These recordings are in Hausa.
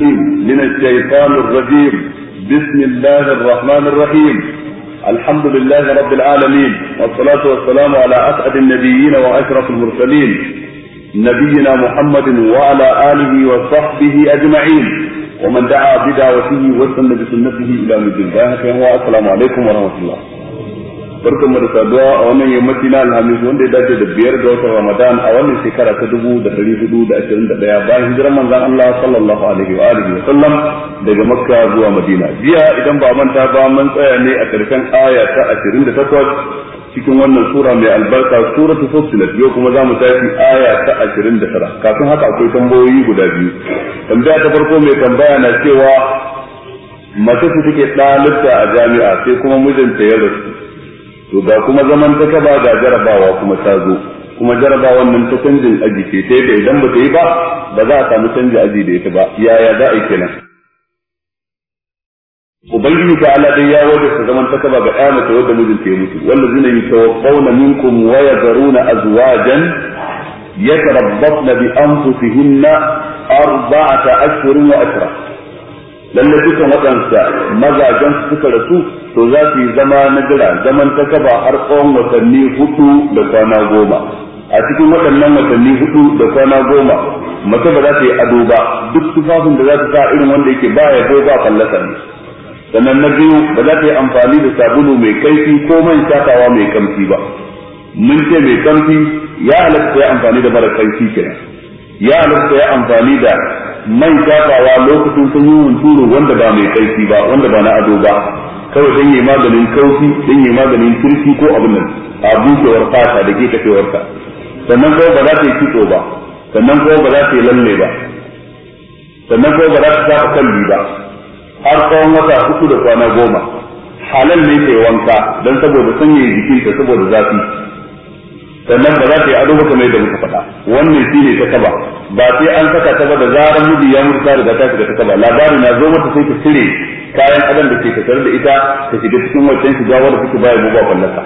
من الشيطان الرجيم بسم الله الرحمن الرحيم الحمد لله رب العالمين والصلاة والسلام على أسعد النبيين وأشرف المرسلين نبينا محمد وعلى آله وصحبه أجمعين ومن دعا بدعوته وسن بسنته إلى مجد الله السلام عليكم ورحمة الله barkan mu da saduwa a wannan yammaci na alhamis wanda ya dace da biyar ga watan ramadan a wannan shekara ta dubu da dari hudu da ashirin da daya bayan hijirar manzon allah sallallahu alaihi wa alihi wa sallam daga makka zuwa madina jiya idan ba ta ba mun tsaya ne a karshen aya ta ashirin da takwas cikin wannan sura mai albarka suratu fussilat yau kuma za mu tafi aya ta ashirin da tara kafin haka akwai tambayoyi guda biyu tambaya ta farko mai tambaya na cewa mace su take ɗalibta a jami'a sai kuma mijinta ya rasu to ga kuma zaman ta ga jarabawa kuma ta zo kuma jarabawan nan ta canjin aji ce ta yadda idan ba ta yi ba ba za a samu canjin aji da ita ba yaya za a yi kenan ubangiji ta ala dai ya wajen ta zaman ta kaba ga ɗaya mace wadda mijin ta yi mutu wanda zina yi tawaffauna minkum waya yazaruna azwajan yatarabbasna bi anfusihinna arba'ata ashhurin wa ashra lalle dukan waɗansa mazajen su suka rasu to za su yi zama na jira zaman ta kaba har tsawon watanni hudu da kwana goma a cikin waɗannan watanni hudu da kwana goma mace ba za ta yi ado ba duk tufafin da za ta sa irin wanda yake ba ya ba fallasa ne sannan na biyu ba za ta yi amfani da sabulu mai kaifi ko man shafawa mai kamfi ba mun ce mai kamfi ya halatta ya amfani da mara kaifi kenan ya halatta ya amfani da mai shafawa lokacin sun yi hunturu wanda ba mai kaifi ba wanda ba na ado ba kawai dan yi maganin kaufi dan yi maganin kirki ko abin nan a bushewar fata da ke kafewar ta sannan ko ba za ta yi kitso ba sannan ko ba za ta yi lalle ba sannan ko ba za ta saka kalli ba har tsawon wata uku da kwana goma halal ne ta wanka dan saboda sanya jikinta saboda zafi sannan ba za ta yi ado ba kamar yadda muka faɗa wannan shi ne ta kaba ba sai an saka ta ba da zarar miji ya mutu ta ta shiga ta kaba labarin na zo mata sai ta cire kayan adam da ke tattare da ita ta shiga cikin wancan shiga wanda suke baya ba kwallonsa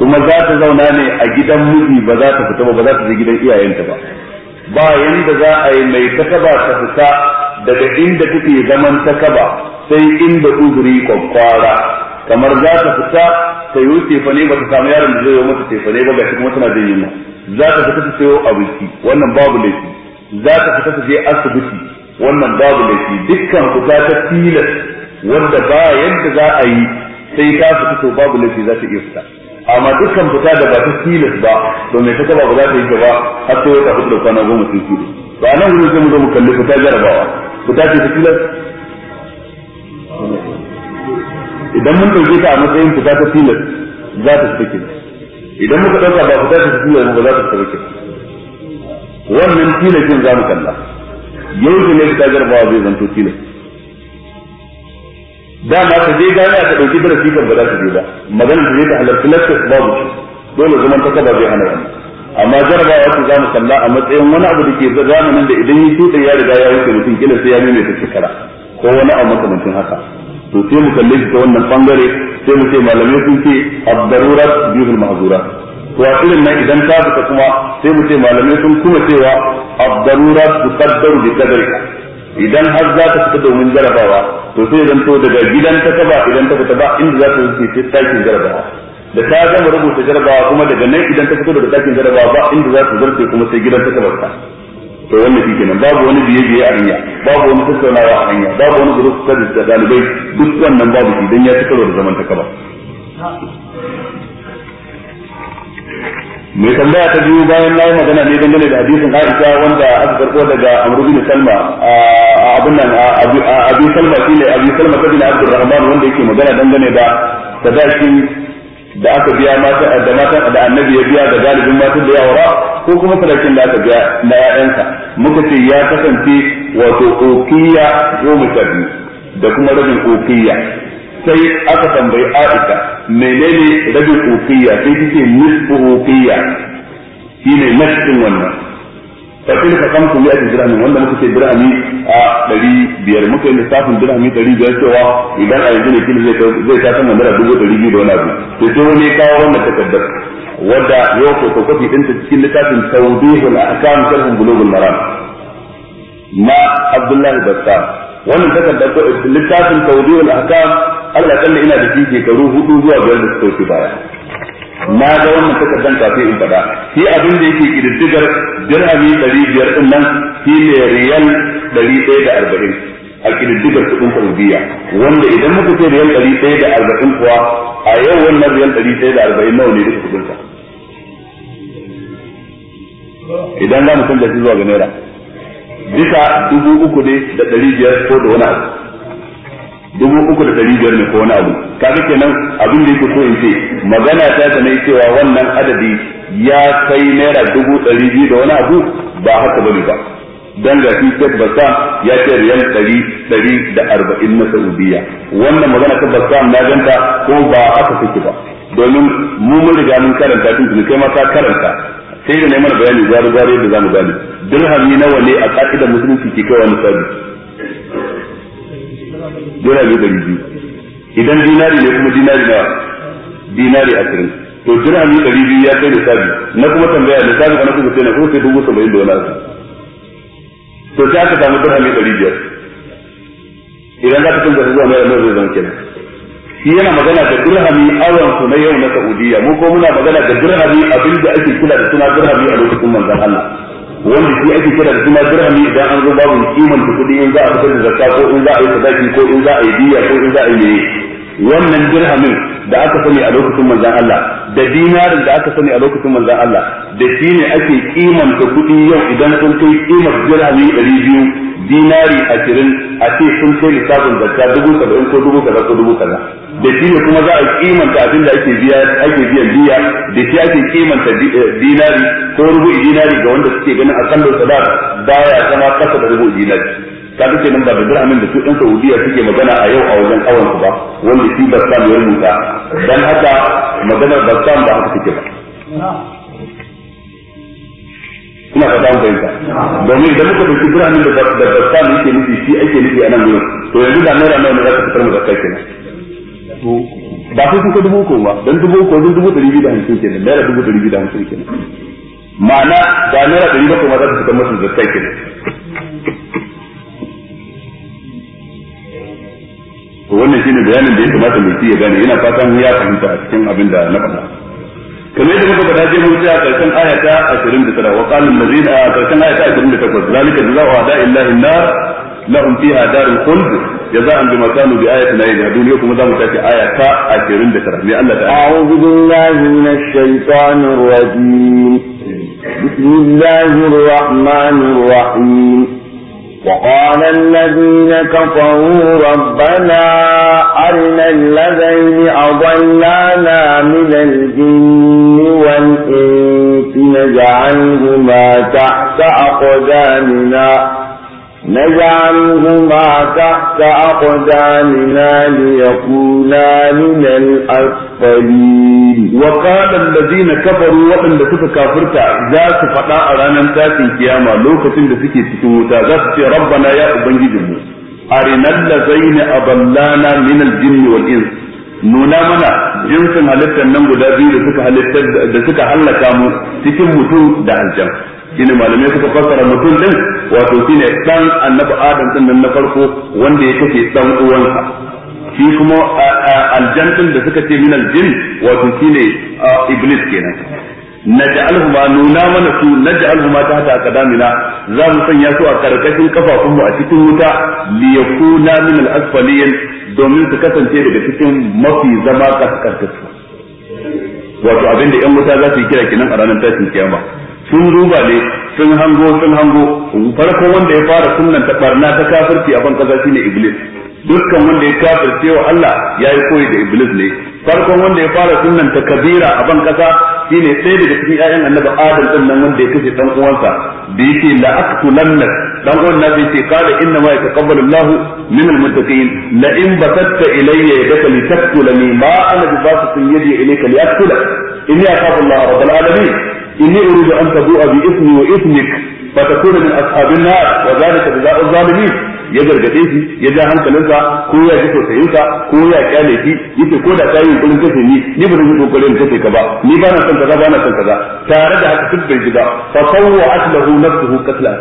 kuma za ta zauna ne a gidan miji ba za ta fita ba ba za ta je gidan iyayenta ba ba yanda za a yi mai takaba ta fita daga inda take zaman takaba sai inda uzuri kwakwara kamar za ta fita ta yi tefane ba ta samu yaron da zai yi mata tefane ba gashi kuma tana da yunwa za ta fita ta sayo abinci wannan babu laifi za ta fita ta je asibiti wannan babu laifi dukkan fita ta tilas wanda ba yadda za a yi sai ta fita to babu laifi za ta iya fita amma dukkan fita da ba ta tilas ba domin ta gaba ba za ta yi ta ba har sai ta hudu da kwana goma sun kudu ba nan gudu sai mu zo mu kalli fita jarabawa fita ce ta tilas idan mun dauke ta a matsayin fita ta tilas za ta fita kenan idan muka dauka ba fita ta tilas ba za ta fita kenan wannan tilasin za mu kalla yau ne ta jarabawa zai zanto tilas ma ta je gane ta dauki darasi kan ba za ta je ba magana ta je ta halarci lectures ba shi dole zaman ta kaba zai hana wani amma jarabawa ta zamu kalla a matsayin wani abu da ke zamanin da idan yi tuɗe ya riga ya wuce mutum kila sai ya nuna ta shekara ko wani abu makamancin haka to sai mu kalle shi ta wannan bangare sai mu ce malamai sun ce abdarura darurat bihul mahzurat to a irin nan idan ka fita kuma sai mu ce malamai sun kuma cewa abdarura darurat tuqaddaru bi qadariha idan har za ta fita domin jarabawa to sai idan to daga gidan ta ba idan ta fita ba inda za ta wuce sai takin jarabawa da ta gama rubuta jarabawa kuma daga nan idan ta fito daga takin jarabawa ba inda za ta zarce kuma sai gidan ta ba. to wannan shi kenan babu wani biye biye a hanya babu wani tattaunawa a hanya babu wani group studies da dalibai duk wannan babu shi dan ya ci karo da zaman ta kaba mai tambaya ta biyu bayan na yi magana ne dangane da hadisin Aisha wanda aka karɓo daga Amr bin Salma a abin nan a Abi Salma shine Abi Salma bin Abdul Rahman wanda yake magana dangane da sadakin da aka biya mata da mata da annabi ya biya da galibin matan da yawara ko kuma sarakin da aka biya na yayanka muka ce ya kasance wato okiya goma sha biyu da kuma rabin okiya sai aka tambayi Aisha menene rabin okiya sai kike nisfu okiya shine mashin wannan fa tilka kamtu mi'ati dirhamin wanda muka ce dirhami a ɗari biyar muka yi lissafin dirhami ɗari biyar cewa idan a yanzu ne kilo zai ta sama naira dubu ɗari biyu da wani abu to sai wani ya kawo wannan takardar wadda yau ko ta kwafi ɗinta cikin littafin tawdihul ahkam sharhun bulugul maram na abdullahi bassam wannan takardar ko littafin tawdihul ahkam Allah kalla ina da shi shekaru hudu zuwa biyar da suka wuce baya na ga wannan takardar kafin in faɗa shi abin da yake kididdigar dirhami ɗari biyar ɗin nan shi ne riyal ɗari ɗaya da arba'in a kididdigar kuɗin saudiya wanda idan muka ce riyal ɗari ɗaya da arba'in kuwa a yau wannan riyal ɗari ɗaya da arba'in nawa ne duka kuɗinsa idan za mu canza shi zuwa ga naira bisa dubu uku ne da ɗari biyar ko da wani abu dubu uku da ɗari biyar ne ko wani abu kaga kenan abin da yake so in ce magana ta ta cewa wannan adadi ya kai naira dubu ɗari biyu da wani abu ba haka bane ba dan ga shi Sheikh Bassam ya ce riyal ɗari ɗari da arba'in na Saudiya wannan magana ta Bassam na ganta ko ba haka take ba domin mu mun riga mun karanta tun kai ma ka karanta sai da neman bayani zaru zaru da zamu gani dirhami nawa ne a ka'idar musulunci ke kai wani sabi dora biyu ɗari biyu idan dinari ne kuma dinari na dinari a ashirin to dora dirhami ɗari biyu ya kai da sabi na kuma tambaya da sabi wani kuma sai na kuma sai dubu saba'in da wani abu to sai aka samu dora dirhami ɗari biyar idan za ka canza zuwa mai zai zama kenan shi yana magana da durhami awon su na yau na Saudiya mu ko muna magana da durhami abin da ake kula da suna durhami a lokacin manzan Allah wanda shi ake kira da suna idan an zo babu kiman da kuɗi in za a fitar da zakka ko in za a yi sadaki ko in za a yi biya ko in za a yi meye wannan dirhamin da aka sani a lokacin manzon Allah da dinarin da aka sani a lokacin manzon Allah da shi ne ake kimanta kuɗi yau idan sun kai kimar dirhami 200 dinari ashirin a ce sun kai lissafin zakka dubu saba'in ko dubu kaza ko dubu kaza da shi ne kuma za a kimanta abin da ake biya ake biyan biya da shi ake kimanta eh, dinari ko rubu dinari ga wanda suke ganin a kan da ya kama kasa da rubu dinari ka kace nan ba da dirhamin da su ɗan Saudiya suke magana a yau a wajen kawon su ba wanda shi Bassam ya rubuta dan haka maganar Bassam ba haka take ba ina ka samu fahimta domin idan muka dauki biranen da da bakka ne yake nufi shi ake nufi a nan gurin to yanzu da naira nawa ne za ka fitar mu da kai kenan to ba sai sun ka dubu uku ba dan dubu uku dan dubu ɗari biyu da hamsin kenan naira dubu ɗari biyu da hamsin kenan ma'ana da naira ɗari bakwai ma za ka fitar da kai kenan to wannan shine bayanin da ya kamata mai ya gane yana fatan ya fahimta a cikin abin da na faɗa kamar yadda muka faɗa je mun ci a ƙarshen aya ta 29 wa qalan allazina a ƙarshen aya ta 28 zalika jazaa'u a'da'i llahi an-nar lahum fiha darul khuld جزاء بما كانوا بآياتنا يجحدون يوم ذا متاكي آية تاء أكيرين ذكر أعوذ بالله من الشيطان الرجيم بسم الله الرحمن الرحيم وقال الذين كفروا ربنا أرنا الذين أضلانا من الجن والإنس نجعلهما تحت أقدامنا نجعلهما تحت أقدامنا ليكونا من الأسفلين وقال الذين كفروا وأن لسك كافرت ذات فتاة رانا تاتي كياما لوكة لسكي تتوتا ذات ربنا يا أبنجدهم أرنا الذين أضلانا من الجن والإنس nuna mana jinsin halittar nan guda biyu da suka halittar da suka hallaka mu cikin mutum da aljan shine malamai suka fassara mutum din wato shine dan annabi adam din nan na farko wanda ya kace dan uwansa shi kuma aljantin da suka ce min aljin wato shine iblis kenan ma nuna mana su naj'alhuma ta hata aqdamina za mu sanya su a karkashin kafafun mu a cikin wuta li yakuna min al-asfaliyin domin su kasance daga cikin mafi zama kaskantattu wato abin da 'yan wuta za su yi kira kenan a ranar tashin kiyama sun ruba ne sun hango sun hango farko wanda ya fara sunan ta barna ta kafirci a ban kaza shine iblis dukkan wanda ya kafirce wa Allah ya yi koyi da iblis ne farkon wanda ya fara sunan ta kabira a ban kasa shine sai daga cikin ƴaƴan annabi adam din nan wanda ya kashe dan uwansa da yake la aqtulanna dan uwan nabi ce qala inna ma yataqabbalu Allahu min almuttaqin la in basatta ilayya yadaka litaqtulani ma ana bi basatin yadi ilayka liaqtula inni akhafu Allah alamin inni uridu an tabu'a bi ismi wa ismik fa takuna min ashabin nar wa zalika jazaa'u zalimin ya gargaɗe shi ya ja hankalinsa ko ya ji tausayinsa ko ya kyale shi ko da kai yunkurin kace ni ni ba zan kokarin kace ka ba ni ba na son kaza ba na son kaza tare da haka duk bai ba fa sawwa'at lahu nafsuhu qatla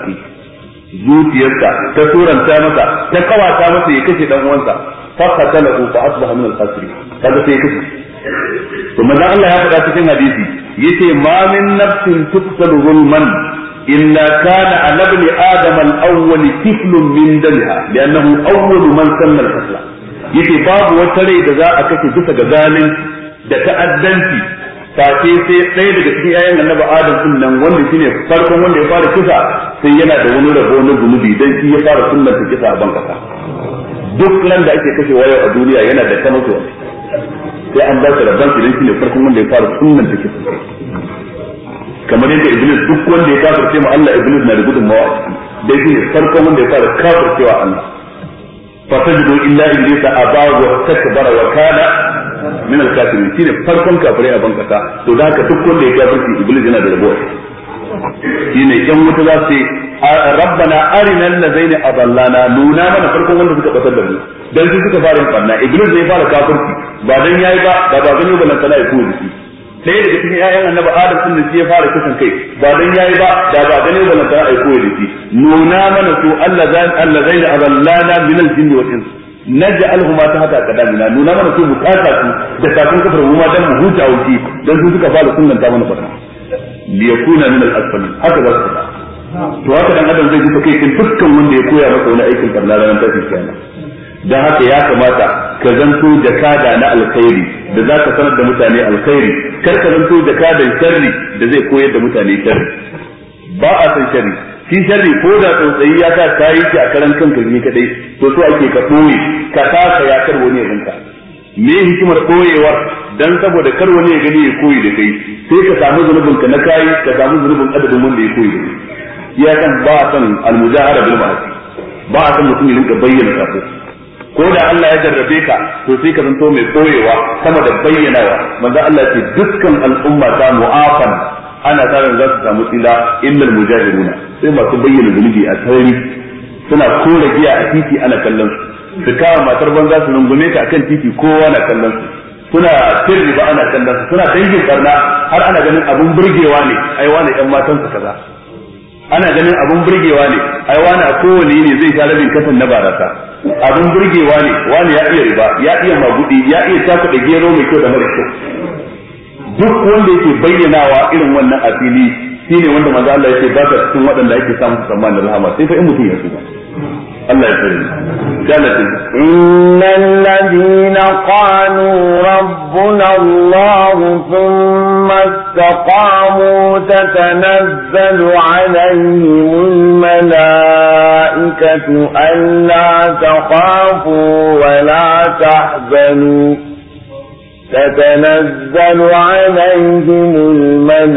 zuciyarsa ta turanta masa ta kawata masa ya ɗan uwansa fa al ya to maza Allah ya faɗa cikin hadisi yace ma min nafsin tuqtalu zulman illa kana ala ibn adam al-awwal tiflun min dalha li'annahu awwal man sanna al-fasla yace babu wata rai da za a kace duka ga zalunci da ta'addanci ce sai ɗaya daga cikin yayan annabi adam din nan wanda shine farkon wanda ya fara kisa sai yana da wani rabo na zunubi dan shi ya fara sunnar kisa a ban kasa duk nan da ake kashewa yau a duniya yana da kamato sai an ba shi rabban idan shi ne farkon wanda ya fara sunnan ta kisa kamar yadda iblis duk wanda ya kafirce ma Allah iblis na da mawa a ciki dai shi ne farkon wanda ya fara cewa Allah fa tajidu illa iblisa aba wa takbara wa kana min al-kafirin ne farkon kafirai a bankasa to da haka duk wanda ya kafirce iblis yana da rabuwa ne yan wuta za su rabbana arinal ladaina adallana nuna mana farkon wanda suka batar da mu dan su suka fara barna iblis ne ya fara kafirci ba dan yayi ba da ba gani balan tana ya ko shi sai daga cikin ƴaƴan annabi adam sun da shi ya fara kisan kai ba dan yayi ba da ba gani balan tana ya ko shi nuna mana to Allah zan Allah zai da aballana min al-jinni wal ins naj'alhuma ta qadamina nuna mana to mutaka su da ta kafar mu ma dan mu huta wuce dan su suka fara ta mana barna liyakuna min al-asfalin haka ba su to haka dan adam zai ji kai dukkan wanda ya koya masa wani aikin barna ranar tashin kiyama Dan haka ya kamata ka zanto kada na alkhairi da za ka sanar da mutane alkhairi kar ka zanto kada sharri da zai koyar da mutane sharri ba a san sharri shi sharri ko da tsotsayi ya ka yi shi a karan kanka ne kadai to so ake ka ɓoye ka kasa ya kar wani ya ganka me hikimar koyewa dan saboda kar wani ya gani ya koyi da kai sai ka samu zunubin ka na kai ka samu zunubin adadin wanda ya koyi ya kan ba a san almujahara bil ma'asi ba a san mutum ya rinka bayyana kafin ko da Allah ya jarrabe ka to sai ka zanto mai koyewa sama da bayyanawa manzo Allah ya ce dukkan al'umma ta mu'afan ana tsarin za su samu tsila innal mujahiduna sai masu bayyana zunubi a sarari suna kore giya a titi ana kallon su su kawo matar banza su rungume ta akan titi kowa na kallon su suna cin ba ana kallon su suna dangin barna har ana ganin abun burgewa ne ai wani ɗan matan su kaza ana ganin abun burgewa ne ai wani a kowane ne zai sha rabin kasan na barasa abin burgewa ne wani ya iya riba ya iya magudi ya iya taka da gero mai kyau da mara kyau duk wanda yake bayyanawa irin wannan asili shine wanda manzo Allah yake ba ta cikin waɗanda yake samun tsammanin rahama sai fa in mutum ya tuba الله يكرمك كانت إن الذين قالوا ربنا الله ثم استقاموا تتنزل عليهم الملائكة ألا تخافوا ولا تحزنوا تتنزل عليهم الملائكة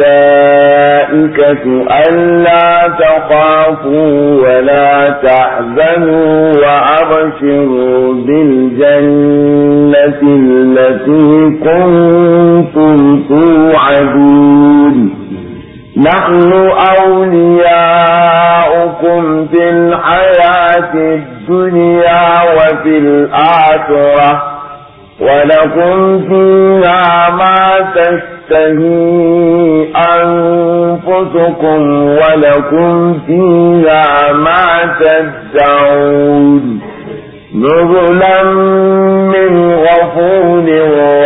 ألا تخافوا ولا تحزنوا وأبشروا بالجنة التي كنتم توعدون نحن أولياؤكم في الحياة الدنيا وفي الآخرة ولكم فيها ما تشتهي أنفسكم ولكم فيها ما تدعون نزلا من غفور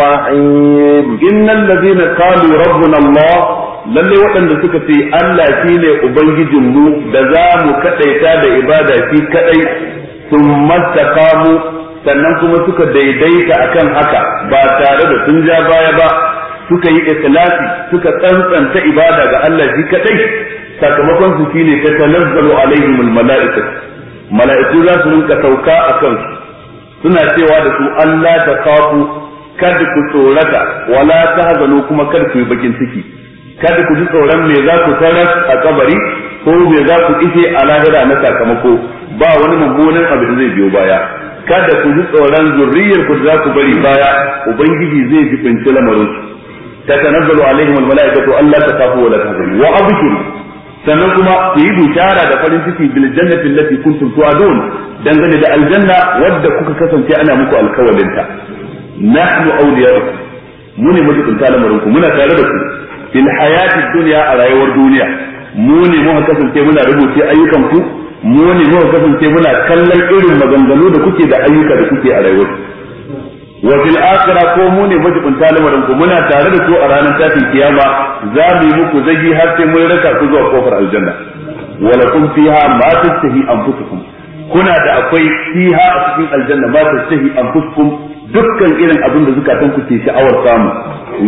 رحيم إن الذين قالوا ربنا الله lalle waɗanda suka ce Allah shi ne Ubangijinmu da za mu kaɗaita da ibada shi kaɗai sun mastakamu sannan kuma suka daidaita akan haka ba tare da sun ja baya ba suka yi ikhlasi suka tsantsanta ibada ga Allah shi kadai sakamakon su shine ta tanazzalu alaihim almalaiika mala'iku za su rinka sauka akan su suna cewa da su Allah ta kafu kad ku tsorata wala tahzanu kuma kada ku yi bakin ciki kada ku ji tsoron me za ku taras a kabari ko me za ku ishe a lahira na sakamako ba wani mummunan abu da zai biyo baya kada ku ji tsoron zurriyar ku za ku bari baya ubangiji zai ji binci lamarin su tatanazzalu alaihim almalaikatu alla takafu wa la tahzanu wa abshiru sannan kuma ku yi bishara da farin ciki bil jannati allati kuntum tu'adun dangane da aljanna wadda kuka kasance ana muku alkawarin ta nahnu awliya'ukum mu ne mutunta lamarin ku muna tare da ku fil hayati dunya a rayuwar duniya mu ne muka kasance muna rubuce ayyukan ku mu ne muka kasance muna kallon irin maganganu da kuke da ayyuka da kuke a rayuwar wa fil akhira ko mu ne majibunta lamarin ku muna tare da ku a ranar tashin kiyama za mu yi muku zagi har sai mun raka ku zuwa kofar aljanna wa lakum fiha ma tastahi anfusukum kuna da akwai fiha a cikin aljanna ma tastahi anfusukum dukkan irin abin da zukatan ku ke sha'awar samu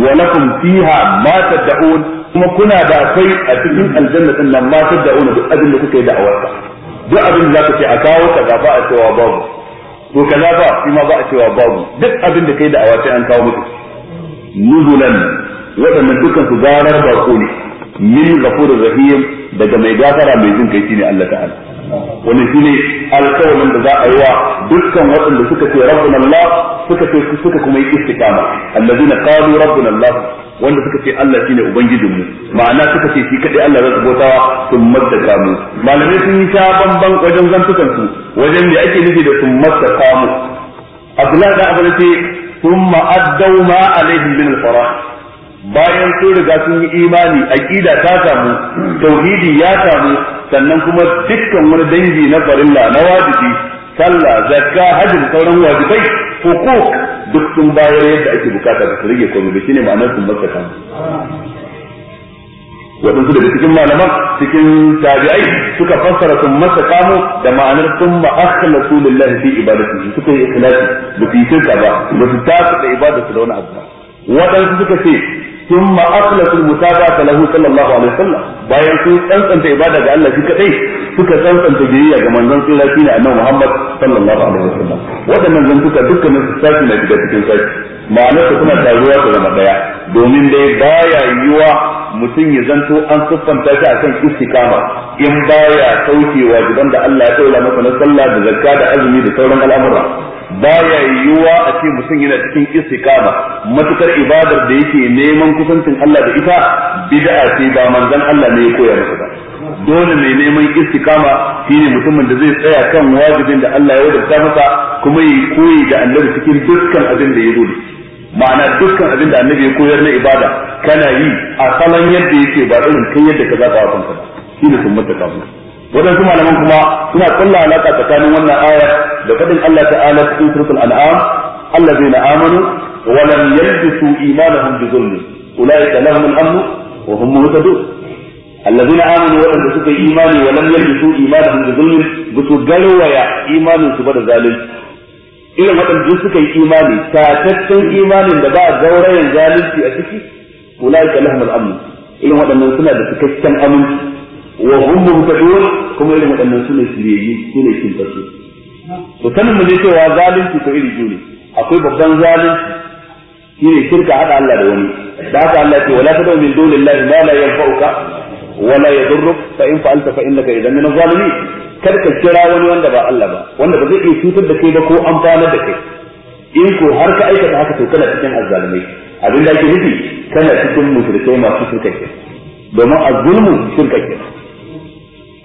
wa lakum fiha ma tad'un kuma kuna da akwai a cikin aljanna din nan ma tad'un duk abin da kuka yi da'awar duk abin da zaka ce a kawo kaza ba a cewa babu to kaza ba shi ma ba a cewa babu duk abin da kai da awace an kawo maka nuzulan waɗannan dukkan su garar bako ne min ghafurur rahim daga mai gafara mai jin kai shine Allah ta'ala wani shine alƙawarin da za a yi wa dukkan waɗanda suka ce rabbuna Allah suka ce suka kuma yi istiqama allazina qalu rabbuna Allah wanda suka ce Allah shine ubangijinmu ma'ana suka ce shi kadai Allah zai bautawa sun maddaka mu malamai sun yi ta banban wajen zantukan su wajen me ake nufi da sun maddaka mu Abdullah da Abdullah ce sun addaw ma alaihim min al-farah bayan sun riga sun yi imani aqida ta samu tauhidi ya samu sannan kuma dukkan wani dangi na farilla na wajibi sallah zakka hajji sauran wajibai hukuk duk sun bayar yadda ake bukata ba su rage komai ba shine ma'anar sun maka kan waɗansu daga cikin malaman cikin tabi'ai suka fassara sun masa kamo da ma'anar sun ma'akala su lillahi fi ibadatu suka yi ikhlasi ba su yi shirka ba ba su tasu da ibadatu da wani abu ba waɗansu suka ce sun ma'akala su mutaba ta lahu sallallahu alaihi wasallam bayan sun tsantsanta ibada ga Allah shi kadai suka tsantsanta biyayya ga manzon tsira shine annabi Muhammad sallallahu alaihi wasallam waɗannan zantuka dukkanin su sashi na daga cikin saki, ma'anar su suna taruwa su zama daya domin dai baya yiwa mutum ya zanto an siffanta shi akan istiqama in baya sauke wajiban da Allah ya tsora masa na sallah da zakka da azumi da sauran al'amura baya yiwuwa a ce mutum yana cikin istiqama matukar ibadar da yake neman kusancin Allah da ita bid'a ce ba manzon Allah ne ya koya masa ba dole mai neman istikama shine mutumin da zai tsaya kan wajibin da Allah ya wadanta masa kuma yi koyi da annabi cikin dukkan abin da ya zo ma'ana dukkan abin da annabi ya koyar na ibada kana yi a salon yadda yake ba irin kai yadda ka zaba wa kanka shine sun mata kafu wadansu malaman kuma suna kulla alaka tsakanin wannan aya da fadin Allah ta'ala cikin suratul an'am allazina amanu wa lam yalbisu imanahum bi ulai ulaika lahum al-amn wa hum muhtadun الذين امنوا ولم يسوا ايمانا ولم يلبسوا ايمانهم بظلم بتغلوا يا ايمانهم سبد ظالم irin waɗanda su suka yi imani tataccen imanin da ba a gaurayen zalunci a ciki kula da lahum al-amn waɗannan suna da cikakken aminci wa hum muhtadun kuma irin waɗannan suna shiryayyu suna cikin tsaro to kana mu cewa zalunci ko iri jure akwai babban zalunci shine shirka hada Allah da wani da haka Allah ce wala tadu min dunillahi ma la yanfa'uka wala yadurruk fa in fa'alta fa innaka idan min zalimin kar ka kira wani wanda ba Allah ba wanda ba zai iya cutar da kai ba ko amfanar da kai in ko har ka aikata haka to kana cikin azzalimai abin da ake nufi kana cikin mushrikai masu shirka domin azzulmu shirka ke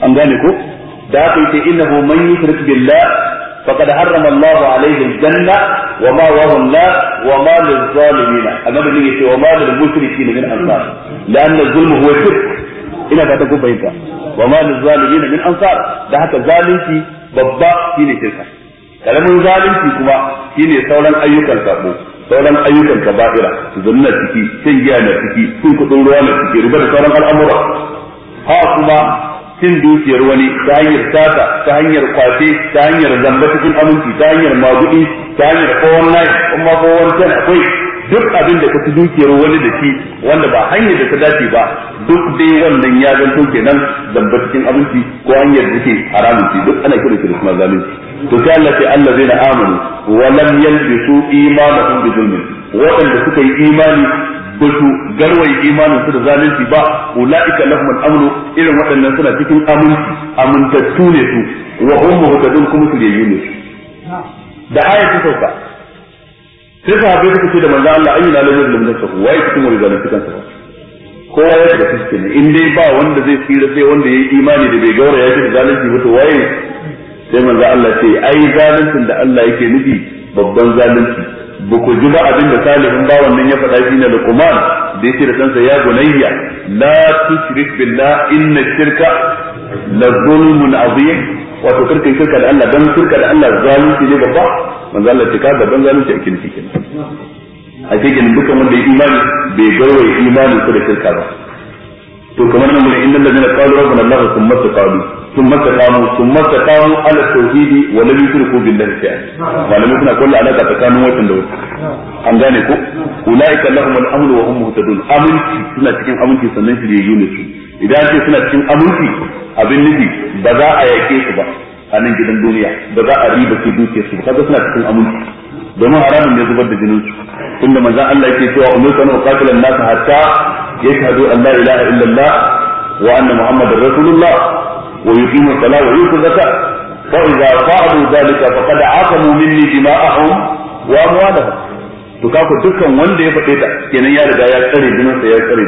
an ko da haka yace innahu man yushrik فقد حرم الله عليه الجنة وما وهم لا وما للظالمين أما بني وما للمشركين من أنصار لأن الظلم هو الشرك ina fata kun fahimta wa ma lil zalimin min ansar da haka zalunci babba shine shirka karamin zalunci kuma shine sauran ayyukan sabo sauran ayyukan kaba'ira zunna ciki cin giya na ciki cin kudin ruwa na ciki riba da sauran al'amura ha kuma cin dukiyar wani ta hanyar sata ta hanyar kwace ta hanyar zamba cikin aminci ta hanyar magudi ta hanyar kowan nayi kuma kowan can akwai duk abin da ka dukiyar wani da shi wanda ba hanyar da ta dace ba duk dai wannan ya zanto kenan zamba cikin abinci ko hanyar da ke haramun shi duk ana kira kira zalunci to sai Allah sai Allah zai na amanu wa lam yalbisu imanahum bi zulmin waɗanda suka yi imani ba su garwaye imanin su da zalunci ba ulaika lahum al-amnu irin waɗannan suna cikin aminci amintattu ne su wa hum muhtadun kuma su ne da ayatu sauka sai ka haɓe suka ce da manzan Allah ayyuna lamir lamir sa wai cikin wani zalunci kansa ba kowa ya da fuske ne in dai ba wanda zai tsira sai wanda ya yi imani da bai gaura ya da zalunci ba to waye sai manzan Allah ce ai zaluncin da Allah yake nufi babban zalunci ba ku ji ba abin da salihin ba wannan ya faɗa shi ne kuma da yake da kansa ya bunayya la tushrik billah inna shirka la zulmun azim wato karka yi shirka da Allah dan shirka da Allah zalunci ne babba manzo Allah ce kaga dan zalunci ake nufi kenan a cikin dukkan wanda ya imani bai gauraye imani su da shirka ba to kamar nan mun innal ladina sun rabbana Allah sun taqalu thumma sun thumma taqamu ala tauhidi wa lam yushriku billahi shay'an malamin suna kullu alaka tsakanin wannan da wannan an gane ko ulaika lahum al-amru wa hum muhtadun aminci suna cikin aminci sannan su ne su idan ce suna cikin aminci abin nufi ba za a yake su ba a nan gidan duniya ba za a riba ke duke su ba kaga suna cikin aminci domin haramun ne zubar da jinin su tunda manzon Allah yake cewa umurtu na qatilan nas hatta yashhadu an la ilaha illallah wa anna muhammadar rasulullah wa yuqimu as-salata wa yutu zakat fa idza fa'alu dhalika faqad 'asamu minni dima'ahum wa amwalahum to ku dukkan wanda ya faɗe ta kenan ya riga ya tsare sa ya tsare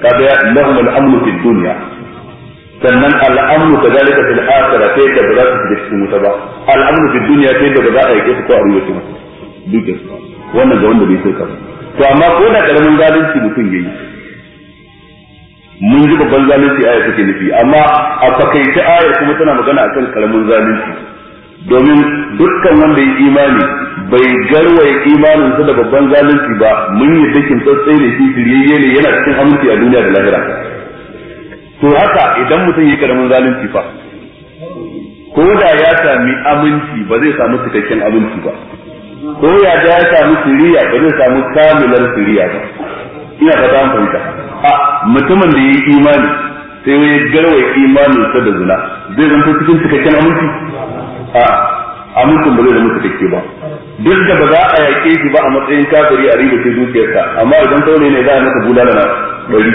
sa ka ya lahum al-amru fi dunya sannan al-amru kadalika fil akhirah sai da ba za su shiga cikin wuta ba al-amru fi dunya sai da ba za a yi su ko a rubuce masa dukiyarsa wannan ga wanda bai so ka to amma ko da karamin zalunci mutum yayi mun ji babban zalunci ayar take nufi amma a fakaita ayar kuma tana magana akan karamin zalunci domin dukkan wanda ya imani bai garwaye imanin su da babban zalunci ba mun yi dakin tsatsai ne shi shiryayye ne yana cikin aminci a duniya da lahira to haka idan mutum ya karamin zalunci fa ko da ya sami aminci ba zai samu cikakken aminci ba ko ya ja ya samu siriya ba zai samu kamilar siriya ba ina ka samun fahimta a mutumin da ya yi imani sai wai garwaye imanin sa da zina zai zanto cikin cikakken aminci a amincin ba zai zama cikakke ba duk da ba za a yaƙe shi ba a matsayin kafiri a riba ce zuciyarsa amma idan saurayi ne za a nasa bulala na ɗari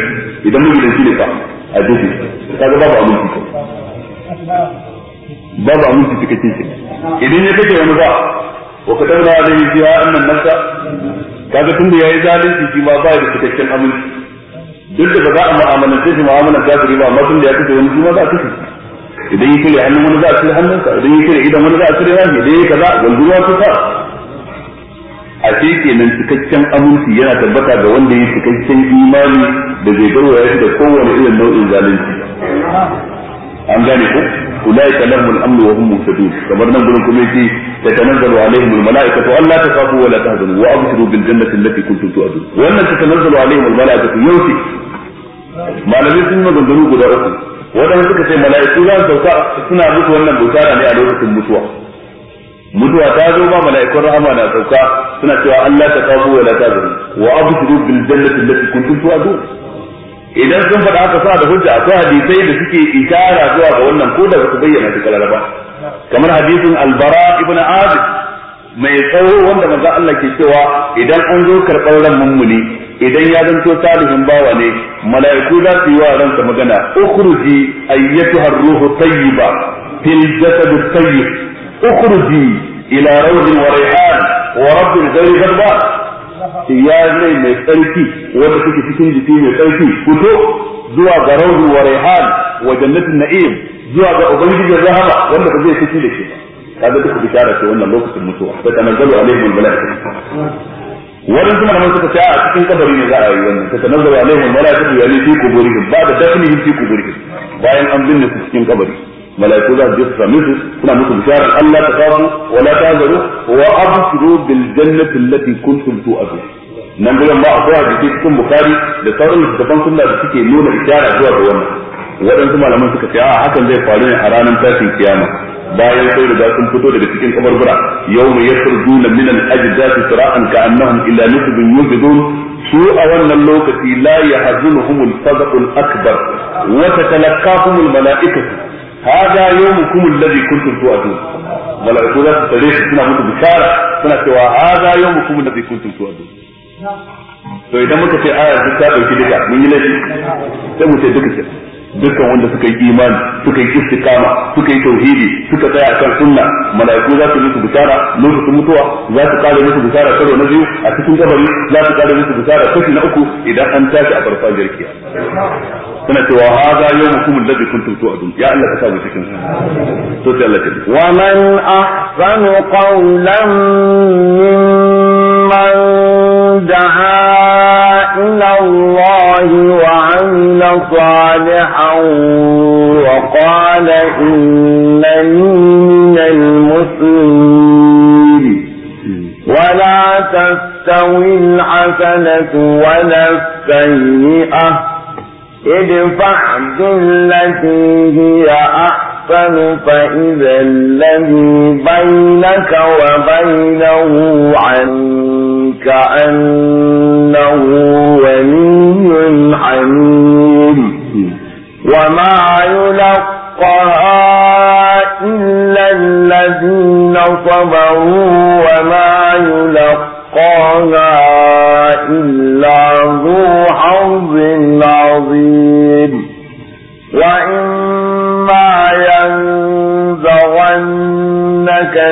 idan mutum shi ne ba a jefe ga babu aminci babu aminci cikakke shi idan ya kake wani ba wa ka a da yi fiya annan nasa kaga tun da yayi zalunci shi ma ba da cikakken aminci duk da ba za a ma'amalance shi mu'amalar kafiri ba amma tun da ya kake wani shi ma za a kace idan ya cire hannun wani za a cire hannunsa idan ya cire idan wani za a cire nashi idan ya kaza wanzuwa su sa a ce kenan cikakken aminci yana tabbata ga wanda ya cikakken imani da zai garwaya shi da kowane irin nau'in zalunci an gane ko أولئك لهم الأمن وهم مهتدون كما نقول لكم يأتي تتنزل عليهم الملائكة ألا تخافوا ولا تهزنوا وأبشروا بالجنة التي كنتم تؤذون وأن تتنزل عليهم الملائكة يوسف ما لم يكن من ذنوب ذا wadanda suka ce mala'iku za su sauka suna musu wannan bukara ne a lokacin mutuwa mutuwa ta zo ba mala'ikun rahama na sauka suna cewa Allah ta kafu wa la tazuru wa abshiru bil jannati allati kuntum tu'adun idan sun faɗa aka sa da hujja akwai hadisai da suke isara zuwa ga wannan ko da su bayyana su kalara ba kamar hadisin albara ibn azib mai tsawo wanda manzo Allah ke cewa idan an zo karɓar ran mummuni idan ya zanto salihin bawa ne mala'iku za su yi wa ransa magana ukhruji ayyatuha ruhu tayyiba fil jasad tayyib ukhruji ila rawd wa rihan wa rabb ghayri ghadba ya rai mai tsarki wanda suke cikin jiki mai tsarki fito zuwa ga rawd wa rihan wa jannatin na'im zuwa ga ubangijin rahama wanda ba zai fice da shi ba kaga duka bishara ce wannan lokacin mutuwa ta tanazzalu alaihim malaikatu wannan kuma nan suka ce a cikin kabari ne za a yi wannan ta tanazzalu alaihim malaikatu yani fi kuburihim ba da dafnihim fi kuburihim bayan an binne su cikin kabari malaiku za su je su same su suna musu bishara Allah ta kafu wa la tazaru wa abshiru bil jannati allati kuntum tu'adun nan gurin ba akwai hadisi cikin bukari da sauran littattafan sunna da suke nuna ishara zuwa ga wannan waɗansu malaman suka ce a hakan zai faru ne a ranar tashin kiyama bayan sai riga sun fito daga cikin kabarbura yawma yakhrujuna min al-ajdati sira'an ka'annahum ila nusbin yuzidun su a wannan lokaci la yahzunuhum al-fadhu al-akbar wa tatalaqahum al-mala'ikatu hada yawmukum alladhi kuntum tu'adun mala'iku za su tare su suna muku bishara suna cewa hada yawmukum alladhi kuntum tu'adun to idan muka ce aya ta dauki duka mun yi laifi sai mu ce duka kenan dukkan wanda suka yi imani suka yi istiqama suka yi tauhidi suka tsaya kan sunna malaiku za su musu bisara lokacin mutuwa za su kare musu bisara karo na biyu a cikin kabari za su kare musu bisara kashi na uku idan an tashi a farfajiyar kiya suna cewa hada yawmukum alladhi kuntum tu'adun ya Allah ka sa cikin to sai Allah ya wa man ahsanu qawlan mimman da'a صالحا وقال إنني من المسلمين ولا تستوي الحسنة ولا السيئة ادفع بالتي هي أحسن أحسن فإذا الذي بينك وبينه عنك أنه ولي حميد وما يلقاها إلا الذين صبروا وما يلقاها إلا ذو حظ عظيم وإما ينزغنك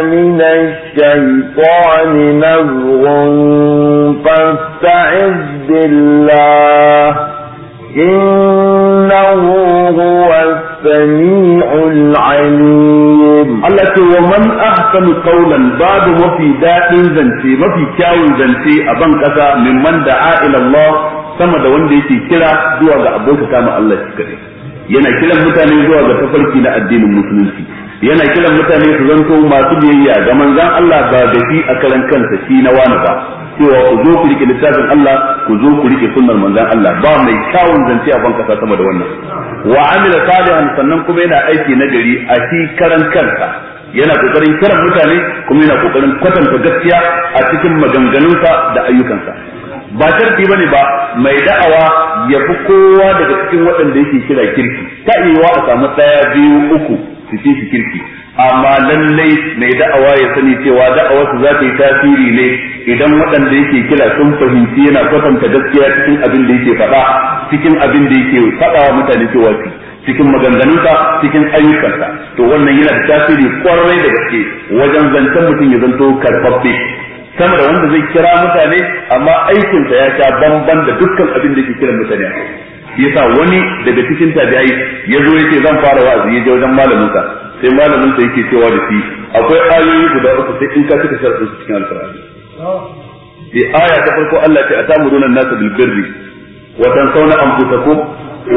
من الشيطان نزغ فاستعذ بالله إن السميع العليم التي ومن أحسن قولا بعد وفي داء زنتي وفي كاو زنتي أبن كذا ممن دعا إلى الله sama da wanda yake kira zuwa ga abota ta Allah shi kadai yana kiran mutane zuwa ga tafarki na addinin musulunci yana kiran mutane su zanto masu biyayya ga manzon Allah ba da shi a karan kansa shi na wani ba cewa ku zo ku rike littafin Allah ku zo ku rike sunnar manzon Allah ba mai kyawun zance a banka sama da wannan wa amila salihan sannan kuma yana aiki na gari a shi karan kansa yana kokarin kiran mutane kuma yana kokarin kwatanta gaskiya a cikin maganganunsa da ayyukansa ba sharti bane ba mai da'awa ya fi kowa daga cikin waɗanda yake kira kirki ta iya a samu ɗaya biyu uku su ci shi kirki amma lallai mai da'awa ya sani cewa su za ta yi tasiri ne idan waɗanda yake kira sun fahimci yana kwatanta gaskiya cikin abin da yake faɗa cikin abin da yake faɗa wa mutane cewa su cikin maganganunsa cikin ayyukansa to wannan yana da tasiri kwarai da gaske wajen zancen mutum ya zanto karɓaɓɓe sama da wanda zai kira mutane amma aikinsa ya sha bamban da dukkan abin da ke kiran mutane yasa wani daga cikin tabi'ai ya zo yace zan fara wa'azi ya je wajen malamin sa sai malamin sa yake cewa da shi akwai ayoyi guda uku sai in ka cika sharɗin su cikin alƙur'ani di aya ta farko Allah ta atamuruna an-nasa bil birri wa tansawna anfusakum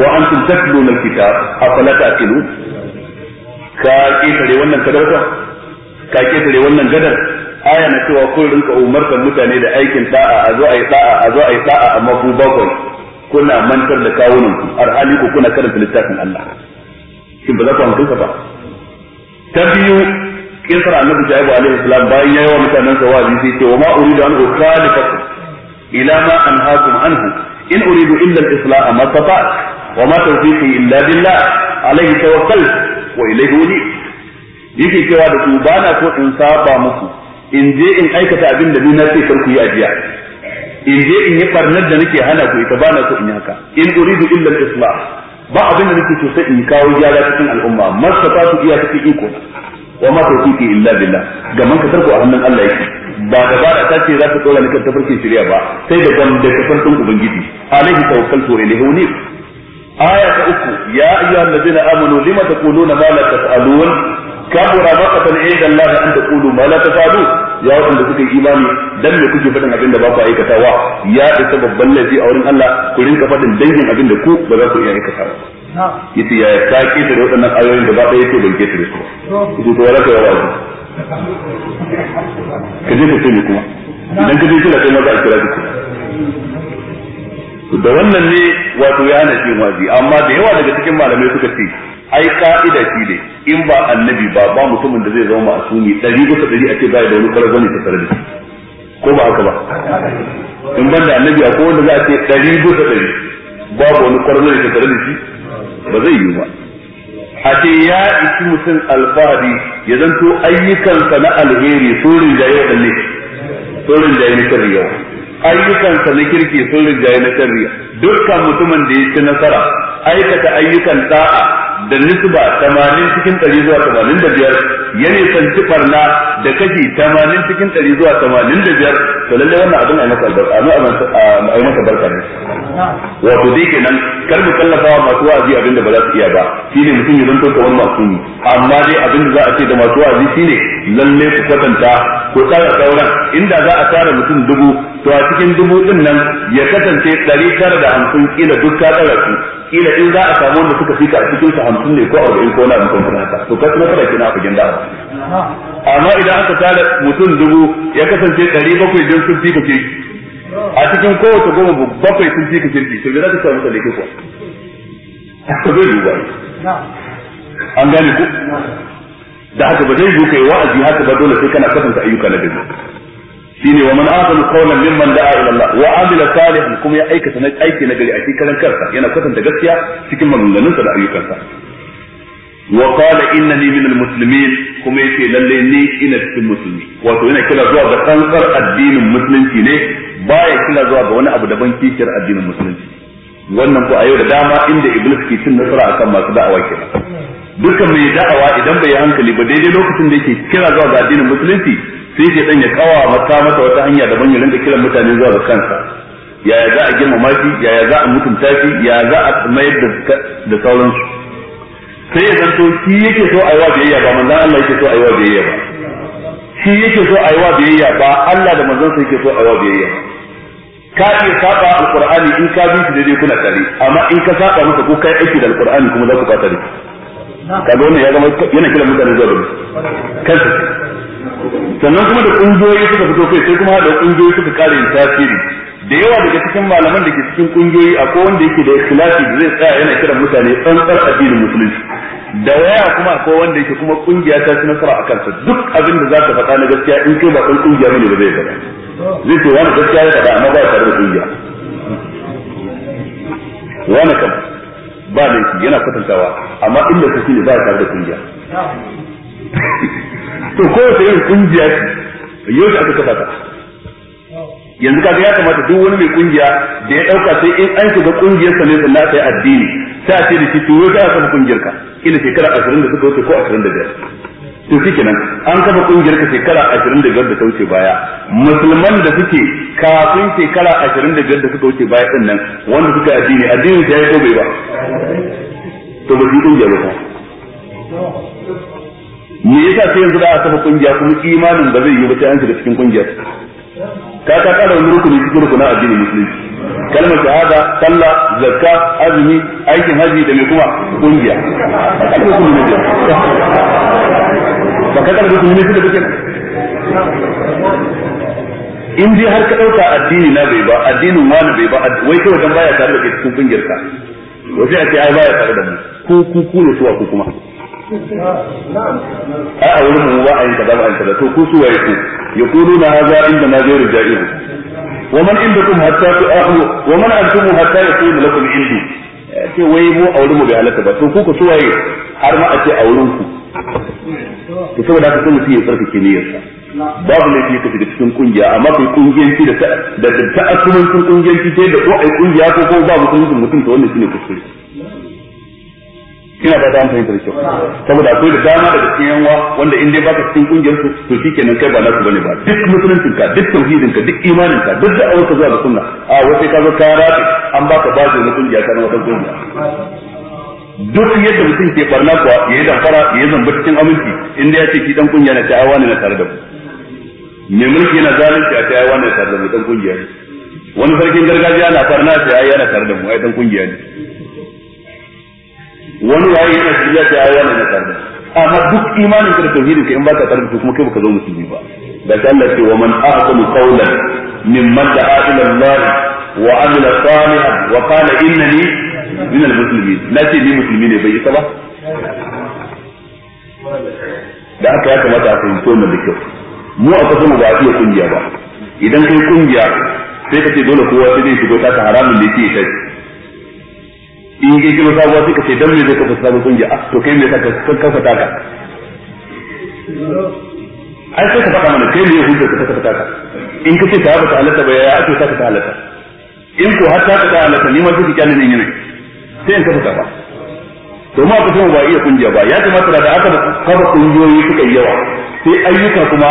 wa antum tatluna al-kitab afala ta'qilun ka tare wannan kadarka ka tare wannan gadar aya na cewa kun rinka umartar mutane da aikin da'a a zo a yi da'a a zo a yi da'a amma ku bakwai kuna mantar da kawunan ku hali ku kuna karanta littafin Allah shin ba za ku hankalta ba ta biyu kisar annabi shaibu alaihi salam bayan yayi wa mutanen sa wa'azi sai ce wa ma uridu an ukhalifakum ila ma anhaakum anhu in uridu illa al-islah ma tata wa ma tawfiqi illa billah alaihi tawakkal wa ilayhi unib yake cewa da su bana so in saba muku in je in aikata abin da ni na ce kar yi in je in yi barnar da nake hana ku ita ba na so in yi haka in uridu illa al-islah ba abin da nake so sai in kawo gyara cikin al'umma masaka su iya take iko wa ma tawfiqi illa billah ga man ka tarko a hannun Allah yake ba ba ta ce za ka dora nake ta tafarkin shirya ba sai da gam da kafarkin ubangiji alaihi tawakkaltu wa ilayhi unib aya ta uku ya ayyuhallazina amanu lima taquluna ma la tas'alun kabura maqatan inda Allah an da taqulu ma la tafalu ya wanda kuke imani dan me kuke fadin abin da ba ku wa ya isa babban laifi a wurin Allah ku rinka fadin dangin abin da ku ba za ku iya aikatawa yace ya ka ta da waɗannan ayoyin da ba ɗaya yake ban kisa da su yace to wala ka yawa ka je ka ce kuma idan ka je kira kai ma za a kira ku da wannan ne wato ya hana shi wazi amma da yawa daga cikin malamai suka ce ai ka'ida shi ne in ba annabi ba ba mutumin da zai zama ma'asumi ɗari bisa ɗari a ce ba da wani karar bane ta tare da shi ko ba haka ba in ban da annabi a wanda za a ce ɗari bisa ɗari babu wani karar ne ta tare da shi ba zai yi ba a ce ya isi mutum alfahari ya zanto ayyukansa na alheri sun rinjaye waɗanne sun rinjaye na sirriya ayyukansa na kirki sun rinjaye na sirriya dukkan mutumin da ya ci nasara aikata ayyukan da'a da nisba tamanin cikin ɗari zuwa tamanin da biyar ya cifar na da kaji tamanin cikin ɗari zuwa tamanin da biyar to lallai wannan abin a yi masa barka ne wato dai kenan kar mu tallafa wa masu wa'azi abin da ba za su iya ba shine mutum ya zanto wani masu amma dai abin da za a ce da masu wa'azi shine lallai ku kwatanta ko tsara sauran inda za a tara mutum dubu to a cikin dubu ɗin nan ya kasance ɗari tara da hamsin kila duk ka tsara su kila in za a samu wanda suka fika a cikin sa hamsin ne ko arba'in ko na mutum kuma haka to ka nasara kina a fagen amma idan aka tara mutum dubu ya kasance ɗari bakwai don sun fika kirki a cikin kowace goma bakwai sun fika kirki to me za ka samu salikai kuwa ka zai yi wani an gane ku da haka ba zai yi kai wa'azi haka ba dole sai kana kasance ayyuka na dabi shine wa man ahsanu qawlan mimman da'a ila Allah wa amila salihan kuma ya aikata na aiki na gari a cikin karan karsa yana kwatanta gaskiya cikin maganganunsa da ayyukansa wa qala innani min muslimin kuma yace lalle ni ina cikin musulmi wato yana kira zuwa ga tsantsar addinin musulunci ne baya kira zuwa ga wani abu daban kishiyar addinin musulunci wannan ko a yau da dama inda iblis ke cin nasara akan masu da'awa kenan dukkan mai da'awa idan bai yi hankali ba daidai lokacin da yake kira zuwa ga addinin musulunci sai ke dan ya kawa mata mata wata hanya daban ya rinka kiran mutane zuwa ga kansa yaya za a girmama shi yaya za a mutunta shi yaya za a mayar da sauransu sai ya zanto shi yake so a yi wa biyayya ba manzan Allah yake so a yi wa biyayya ba shi yake so a yi wa biyayya ba Allah da manzan sa yake so a yi wa biyayya ka iya saba alqur'ani in ka bi shi daidai kuna tare amma in ka saba masa ko kai aiki da alqur'ani kuma za ku ba tare kaga wannan ya zama yana kiran mutane zuwa ga kansa sannan kuma da kungiyoyi suka fito kai sai kuma da kungiyoyi suka kare tasiri da yawa daga cikin malaman da ke cikin kungiyoyi ko wanda yake da ikhlasi da zai tsaya yana kiran mutane tsantsar addinin musulunci da waya kuma ko wanda yake kuma kungiya ta ci nasara a kansa duk abin da za ta faɗa na gaskiya in kai ba kan kungiya bane ba zai faɗa zai ce wani gaskiya ya faɗa amma ba tare da kungiya wani kam ba laifi yana kwatantawa amma inda shi ne ba tare da kungiya to kowace yin kungiya yau aka kafa ta yanzu kaga ya kamata duk wani mai kungiya da ya dauka sai in an shiga kungiyar sa ne na sai addini sai a ce da shi to yau ka kafa kungiyar ka ina shekara 20 da suka wuce ko 25 to shi nan an kafa kungiyar ka shekara 25 da ta wuce baya musulman da suke kafin shekara 25 da suka wuce baya din nan wanda suka addini addinin ya yi ko bai ba to ba su kungiyar ba me yasa sai yanzu da aka kafa kungiya kuma imanin ba zai yi ba sai an shiga cikin kungiya ka ka kara wani rukuni cikin rukuna addini musulunci kalmar shahada sallah zakka azumi aikin haji da mai kuma kungiya ba ka kara rukuni ne suka kake in dai har ka dauka addini na bai ba addinin wani bai ba wai kai wajen baya tare da cikin kungiyar ka wajen a ce ai baya tare da mu ku ku ku ne suwa ku kuma a a wurin mu ba a yin kaza ba a to ku su waye ku na haza inda na ghayru ja'iz wa man inda indakum hatta su a tu'ahu wa man antum hatta ya yakuna lakum indi eh, ce wai mu a wurin mu bai halaka ba to ku ku su waye har ma a ce a wurin ku to saboda haka sai mutum ya tsarkake niyyarsa babu laifi ka da cikin kungiya amma kai kungiyanci da da ta'assumancin kungiyanci sai da ko ai kungiya ko ko babu kungiyancin mutum to wannan shine kuskure ina da ta fahimtar da kyau saboda akwai da dama daga cikin yanwa wanda in dai baka cikin kungiyar su to shikenan kai ba nasu bane ba duk musulunci ka duk tauhidin ka duk imanin ka duk da'awar ka zuwa ga sunna a wace ka zo ka rafi an baka bajo na kungiya ka na wata kungiya duk yadda mutum ke barna kuwa yayi damfara yayi zamba cikin aminci in dai ya ce ki dan kungiya na ta'awa ne na tare da ku me mulki yana zalunci a ta'awa ne tare da mu dan kungiya ne wani sarkin gargajiya na farna ta yayi tare da mu ai dan kungiya ne wani waye yana jiya ta yaya ne na karbi amma duk imanin ka da tauhidin ka in ba ka karbi to kuma kai baka zo musulmi ba da Allah ce wa man ahsanu qawlan mimman da'a ila Allah wa amila salihan wa qala innani min almuslimin la ce ni musulmi ne bai isa ba da aka ya kamata a fahimci wannan da kyau mu a kasan ba a fiye kungiya ba idan kai kungiya sai ka ce dole kowa sai dai shigo ta haramun da yake kai in ya gina sabuwa suka ce dan me zai kafa sabuwar kungiya ah, to kai me kanka kafa taka ai sai ka faɗa mana kai me hujja ka kafa taka in ka ce ta ba ta halatta ba ya ake ta halatta in ko har ta ta halatta ni ma zai kyale ne ne sai in kafa ba to ma ka ba iya kungiya ba ya kamata da aka kafa kungiyoyi suka yawa sai ayyuka kuma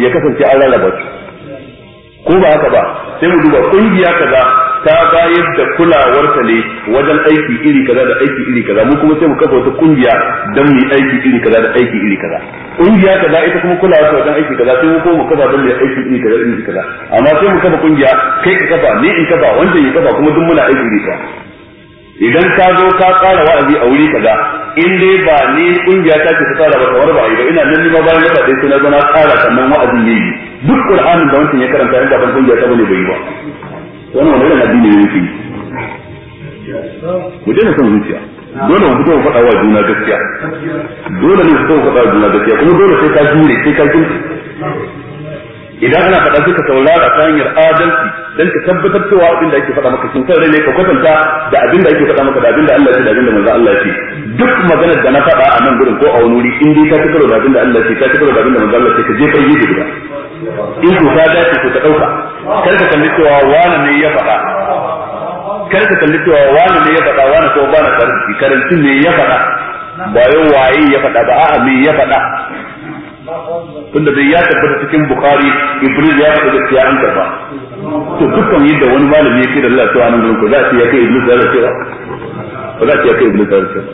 ya kasance an rarraba su ko ba haka ba sai mu duba kungiya kaza ta bayar da kulawarta ne wajen aiki iri kaza da aiki iri kaza mu kuma sai mu kafa wata kungiya don mu yi aiki iri kaza da aiki iri kaza kungiya kaza ita kuma kulawarta wajen aiki kaza sai mu kuma mu kafa don mu yi aiki iri kaza iri kaza amma sai mu kafa kungiya kai ka kafa ni in kafa wanda ya kafa kuma duk muna aiki iri kaza idan ka zo ka tsara wa'azi a wuri kaza in dai ba ni kungiya ta ce ta tsara ba kamar ba ba ina nan ni ma bayan wata dai sai na zo na tsara sannan wa'azi ne duk qur'anin da wancan ya karanta inda ban kungiya ta bane bai yi ba wannan wani irin addini ne yake mu daina son zuciya dole mu fito mu faɗa wa juna gaskiya dole ne fito mu faɗa wa juna gaskiya kuma dole sai ka jure sai ka jure idan ana faɗa suka saurara ta hanyar adalci dan ka tabbatar cewa abin da ake faɗa maka sun sai ne ka kwatanta da abin da ake faɗa maka da abin da Allah ya da abin da manzo Allah ya duk maganar da na faɗa a nan gurin ko a wani wuri in dai ka ci da abin da Allah ya ce ka ci da abin da manzo Allah ya ce ka je kai yi guda in cuta ta ce ka ɗauka kar ka kalli cewa wani ne ya faɗa kar ka kalli cewa wani ne ya faɗa wani ko ba na karfi karancin ne ya faɗa ba yau waye ya faɗa ba a'a me ya faɗa tunda dai ya tabbata cikin bukhari iblis ya faɗa gaskiya an karba to dukkan yadda wani malami yake da Allah ta'ala nan ko za a ce ya kai iblis da cewa ba za a ce ya kai iblis da cewa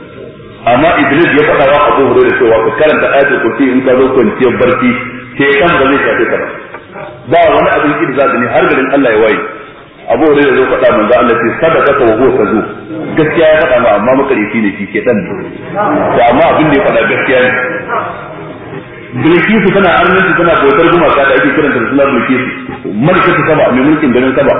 amma iblis ya faɗa wa abu hurairah cewa ka karanta ayatul kursi in ka zo kwanciyar barci shekan ba zai shafe ka ba ba wani abin ki da za ne har garin Allah ya waye abu da zai faɗa manzo Allah ce sadaka ka wahu ka zo gaskiya ya faɗa ma amma makarifi ne shi ke dan to amma abin da ya faɗa gaskiya ne Bilkisu tana arninsu tana bautar gumaka da ake kiran da suna Bilkisu malaka ta saba mai mulkin ganin saba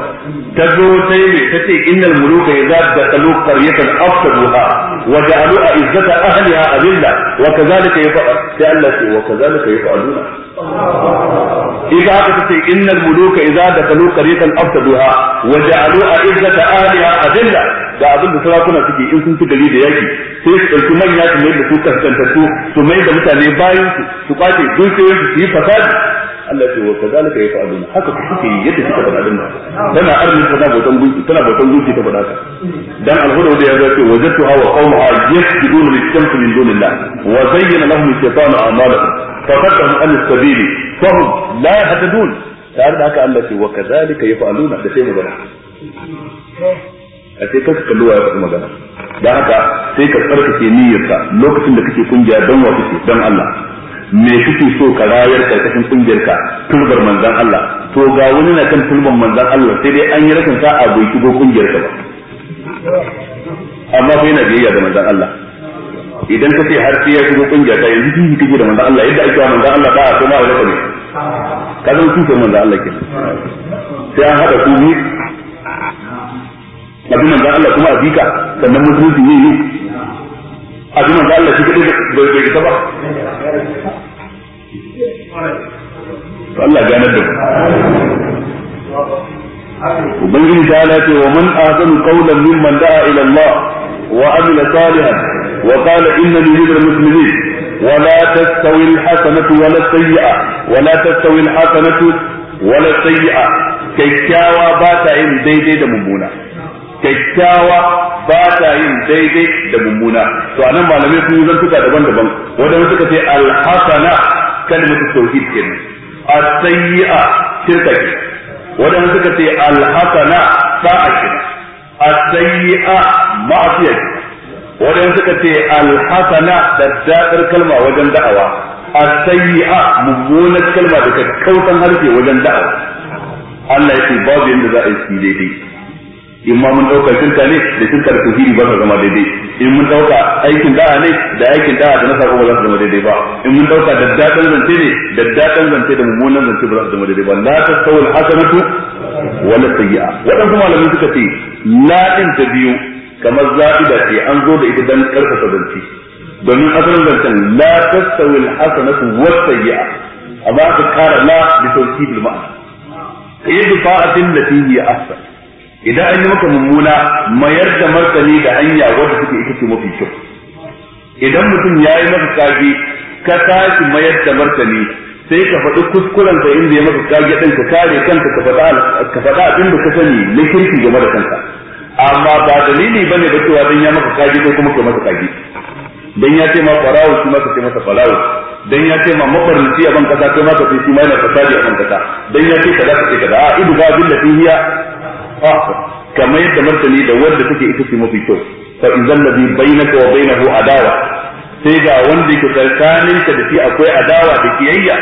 ta zo ta yi ta ce innal muluka ya zaɓa kalu qaryatan afsaduha wa ja'alu izzata ahliha azilla wa kadhalika yafa'al sai Allah ce wa kadhalika yafa'aluna إذا أخذت إن الملوك إذا دخلوا قرية أفسدوها وجعلوا أعزة أهلها أذلة da abin da sarakuna suke in sun ci gari da yaki sai su ɗauki manya su mai da su kaskantattu su mai da mutane bayan su su kwace dukiyoyin su yi fasadi Allah ce wa kazalika yafalun haka ku suke yadda kika faɗa din tana arni tana botan gunki tana botan gunki ta faɗa dan alhuda da ya ga ce wajadtu hawa qawmaha yasjudun lishamsi min dunillah wa zayyana lahum shaytanu a'malahum faqadahum an la yahtadun tare da haka Allah ce wa kazalika da sai magana a sai kanka kalluwa ya faɗi magana da haka sai ka tsarkake niyyarka lokacin da kake kungiya don wa kake don Allah me kake so ka rayar karkashin kungiyar ka turbar manzan Allah to ga wani na kan turban manzan Allah sai dai an yi sa a bai shigo kungiyar ka ba amma bai na biyayya da manzan Allah idan ka ce har sai ya shigo kungiyar ka yanzu kike kike da manzan Allah yadda ake manzan Allah ba a kuma wani ka ne ka zama kike manzan Allah ke sai an hada ku ni abin manzon Allah kuma a bika sannan musulunci ne ne abin da Allah shi kadai bai bai ta ba Allah ganar da mu ubangiji ta ce wa man ahsanu qawlan mimman da'a ila Allah wa amila salihan wa qala innani minal muslimin ولا تستوي الحسنة ولا السيئة ولا تستوي الحسنة ولا السيئة كيكاوا باتا إن ديدي kyakkyawa ba ta yin daidai da mummuna to anan malamai sun yi zantuka daban-daban wadanda suka ce alhasana kalmatu tauhid kenan as-sayyi'a shirka ke wadanda suka ce alhasana sa'a ke as-sayyi'a ma'asiya ke wadanda suka ce alhasana da dadar kalma wajen da'awa as-sayyi'a mummunar kalma da kakkautan harshe wajen da'awa Allah ya ce babu yadda za a yi daidai in ma mun dauka shirka ne da shirka da tauhidi ba su zama daidai in mun dauka aikin da'a ne da aikin da'a da na sako ba za su zama daidai ba in mun dauka daddadan zance ne daddadan zance da mummunan zance ba za su zama daidai ba la tasawul hasanatu wala sayyi'a Waɗansu malamai suka ce la din ta biyu kamar zabida ce an zo da ita dan karfafa zance domin asalin zancen la tasawul hasanatu wala sayyi'a amma aka kara la bi tawkidil ma'ana da lati hiya ahsan idan an yi maka mummuna mayar da martani da hanya wadda suke ita ce mafi kyau idan mutum ya yi maka kaji ka tashi mayar da martani sai ka faɗi kuskuren ka inda ya maka kaji ɗin ka kare kanka ka faɗa abin da ka sani na kirki game da kanka amma ba dalili ba ne ba cewa don ya maka kaji ko kuma ka masa kaji. don ya ce ma farawo shi ma ka ce masa farawo don ya ce ma mafarinci a ban kasa kai ma ka ce shi ma yana fasadi a ban kasa don ya ce kaza ka ce kaza a idu ba abin da fi hiya kamar yadda martani da wanda take ita ce mafi kyau fa idan ladhi bainaka wa bainahu adawa sai ga wanda yake ka da shi akwai adawa da kiyayya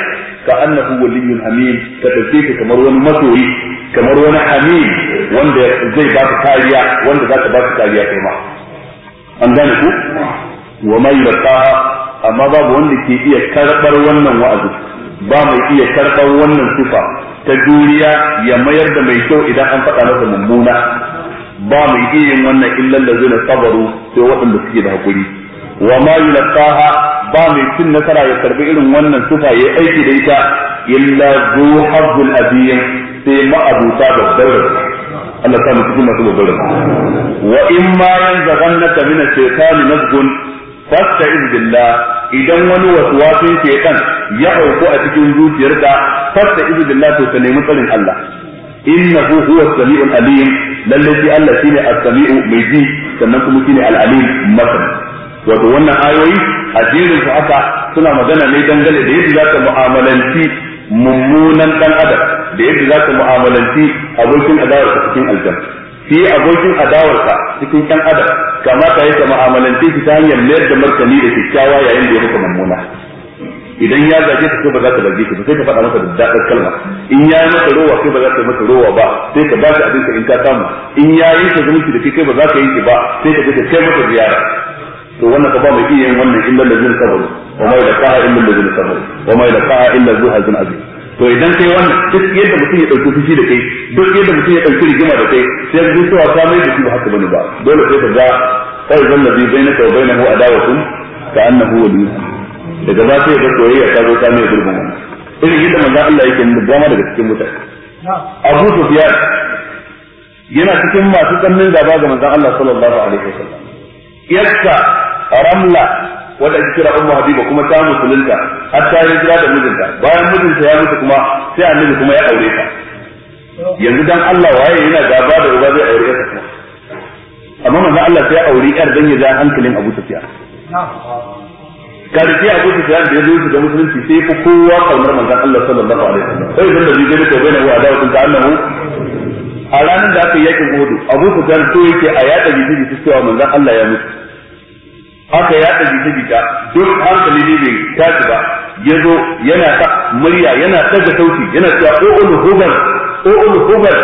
ka annahu waliyyun amin. ka dauke ka kamar wani masoyi kamar wani amin wanda zai baka kariya wanda zaka baka kariya kai ma an gane ku wa mai yulqaha amma babu wanda ke iya karbar wannan wa'azi ba mai iya karbar wannan sifa ta juriya ya mayar da mai kyau idan an faɗa masa mummuna ba mai iya yin wannan illan da zai sabaru sai waɗanda suke da hakuri wa ma ba mai cin nasara ya karbi irin wannan sufa yayi aiki da ita illa zu hazzul abiyin sai ma'abuta da daura Allah ta mutu masu daura wa in ma yanzaghannaka min ash-shaytani nazghun fasta'in billah idan wani waswasin shaytan ya auku a cikin zuciyarka fasta'in billah to ka nemi tsarin Allah innahu huwa as-sami'ul alim lalle shi Allah shine as-sami'u mai ji sannan kuma shine al-alim masani wato wannan ayoyi addinin su haka suna magana ne dangane da yadda zaka mu'amalanci mummunan dan adam da yadda zaka mu'amalanci abokin adawar cikin aljanna fi abokin adawarsa cikin kan adam ta yi ta shi ta hanyar mayar da martani da kyakkyawa yayin da ya maka mummuna idan ya zage ta sai ba za ka zage ta sai ka faɗa masa daɗar kalma in ya yi masa rowa sai ba za ta yi masa rowa ba sai ka ba shi abin ka in ka samu in ya yi ta zumunci da kai ba za ka yi ki ba sai ka ta kai masa ziyara to wannan ka ba mai iya yin wannan illa zuwa sabon wa mai da ka'a illa zuwa sabon wa mai da ka'a illa zuhazin azim to idan kai wannan duk yadda mutum ya dauki fushi da kai duk yadda mutum ya dauki rigima da kai sai ka zuwa ka mai da shi ba haka bane ba dole sai ka ga kai zallabi bainaka wa bainahu adawatun ka annahu waliyyu daga ba sai ga soyayya ta zo ka mai gurbin wannan irin yadda manzo Allah yake nuna dama daga cikin mutane Abu Sufyan yana cikin masu tsannin gaba ga manzo Allah sallallahu alaihi wasallam yakka ramla wanda ake kira ummu habiba kuma ta musulunta har ta yi jira da mijinta bayan mijinta ya mutu kuma sai annabi kuma ya aure ta yanzu dan Allah waye yana gaba da uba zai aure ta kuma amma manzo Allah sai aure yar dan ya ga hankalin Abu Sufyan karfi Abu Sufyan da ya zo da musulunci sai ku kowa kalmar manzo Allah sallallahu alaihi wasallam sai zan da bi gani ko bainahu ta ta'allahu a ranar da aka yi yakin Uhud Abu Sufyan so yake a yada bibi su cewa manzo Allah ya mutu aka yaɗa jita-jita duk hankali ne bai tashi ba ya zo yana ta murya yana ɗaga sauti yana cewa o'ul hubal o'ul hubal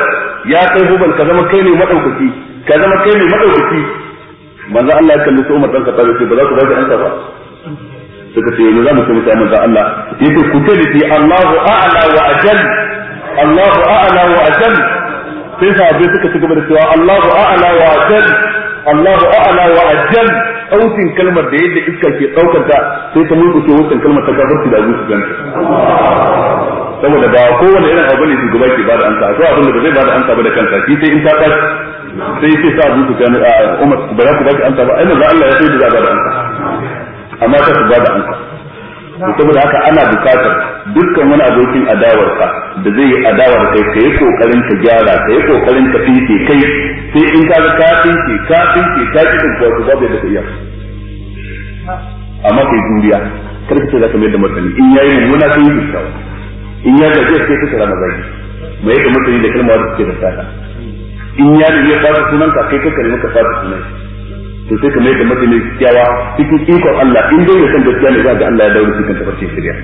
ya kai hubal ka zama kai ne maɗaukaki ka zama kai ne maɗaukaki manzo Allah ya kalli su Umar dan Khattab ce ba za ku ba shi ansa ba suka ce yanzu za mu ce mutane manzo Allah yace ku tare fi Allahu a'la wa ajal Allahu a'la wa ajal sai sahabbai suka ci gaba da cewa Allahu a'la wa ajal Allahu a'la wa ajal sautin kalmar da yadda iska ke daukar ta sai ta mulku ce wannan kalmar ta kafirci da zuci ganta saboda ba kowane irin abu ne shugaba ke bada an akwai abin da ba zai bada ansa ba da kanta shi sai in ta tashi sai sai sa zuci ganta a Umar ba za ku ba ki an ansa ba ai manzo Allah ya sai da za bada ansa amma ta ku bada ansa saboda haka ana bukatar dukkan wani abokin adawarka da zai yi adawar kai kai kokarin ka gyara kai kokarin ka fice kai sai in ka ka fice ka fice ka ki ko ku ba da iya amma kai duniya kar ka ce zaka mai da martani in yayi mummuna sai yi kyawu in ya gaje sai ka tsara mazaki mai da martani da kalmar da take da tsada in ya ne ya fara sunan ka kai ka kalmar ka fara sunan to sai kamar yadda mafi mai kyawa cikin ikon Allah in dai san gaskiya ne za ga Allah ya dawo da cikin tafarkin shari'a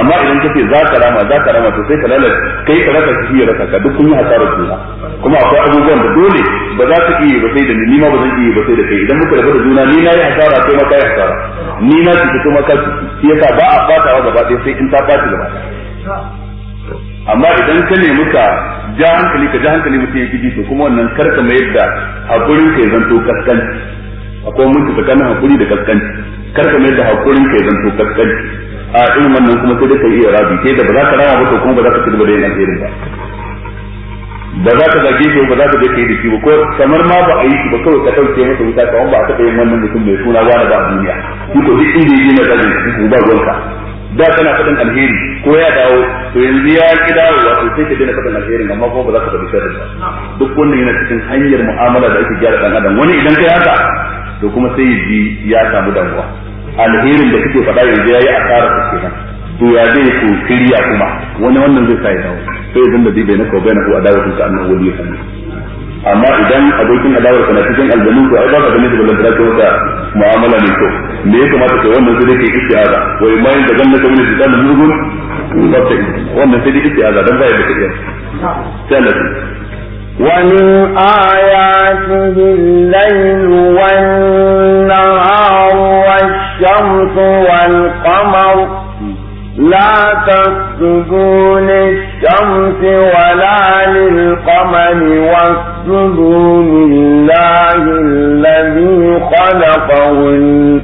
amma idan kace za ka rama za ka rama to sai ka lalace kai ka raka shi ya raka ka duk kun yi hasara juna kuma akwai abubuwan da dole ba za ka iya ba sai da ni ma ba zan iya ba sai da kai idan muka rabu da juna ni na yi hasara kai ma kai hasara ni na ci kuma ka ci shi yasa ba a wa gaba sai in ta fata gaba amma idan ka nemi ka ja hankali ka ja hankali mutum ya ji to kuma wannan karka mayar da hakurin ka ya zanto kaskanci akwai mutu tsakanin hakuri da kaskanci kar ka mai da hakurin ka zanto kaskanci a irin wannan kuma sai dai ka iya rabi sai da ba za ka rama ba to kuma ba za ka ci gaba da yin alherin ba ba za ka zage shi ba za ka je kai da shi ba ko kamar ma ba a yi shi ba kawai ka dauke masa wuta ka ba a taɓa yin wannan mutum mai suna wani ba a duniya shi to duk inda yi na zage shi ba gonka da kana faɗin alheri ko ya dawo to yanzu ya ki dawo wato sai ka daina faɗin alheri amma kuma ba za ka faɗi sharri ba duk wannan yana cikin hanyar mu'amala da ake gyara dan adam wani idan kai haka to kuma sai ya ya samu damuwa alherin da kake faɗa yanzu yayi tsara ka kenan to ya zai ko kiriya kuma wani wannan zai sa ya dawo sai ya dinga dibe na ko bayan ko adawatin ka annahu ya kan amma idan abokin adawar ka na cikin aljanu ko ai ba ka ganin da balantara da da mu'amala ne to me ya kamata kai wannan zai dai kai istiaza wa imanin da ganna kamar da zan mugun wannan sai dai istiaza dan ba ya da kiriya sai Allah ومن آياته الليل والنهار والشمس والقمر لا تسجدوا للشمس ولا للقمر واسجدوا لله الذي خلقهن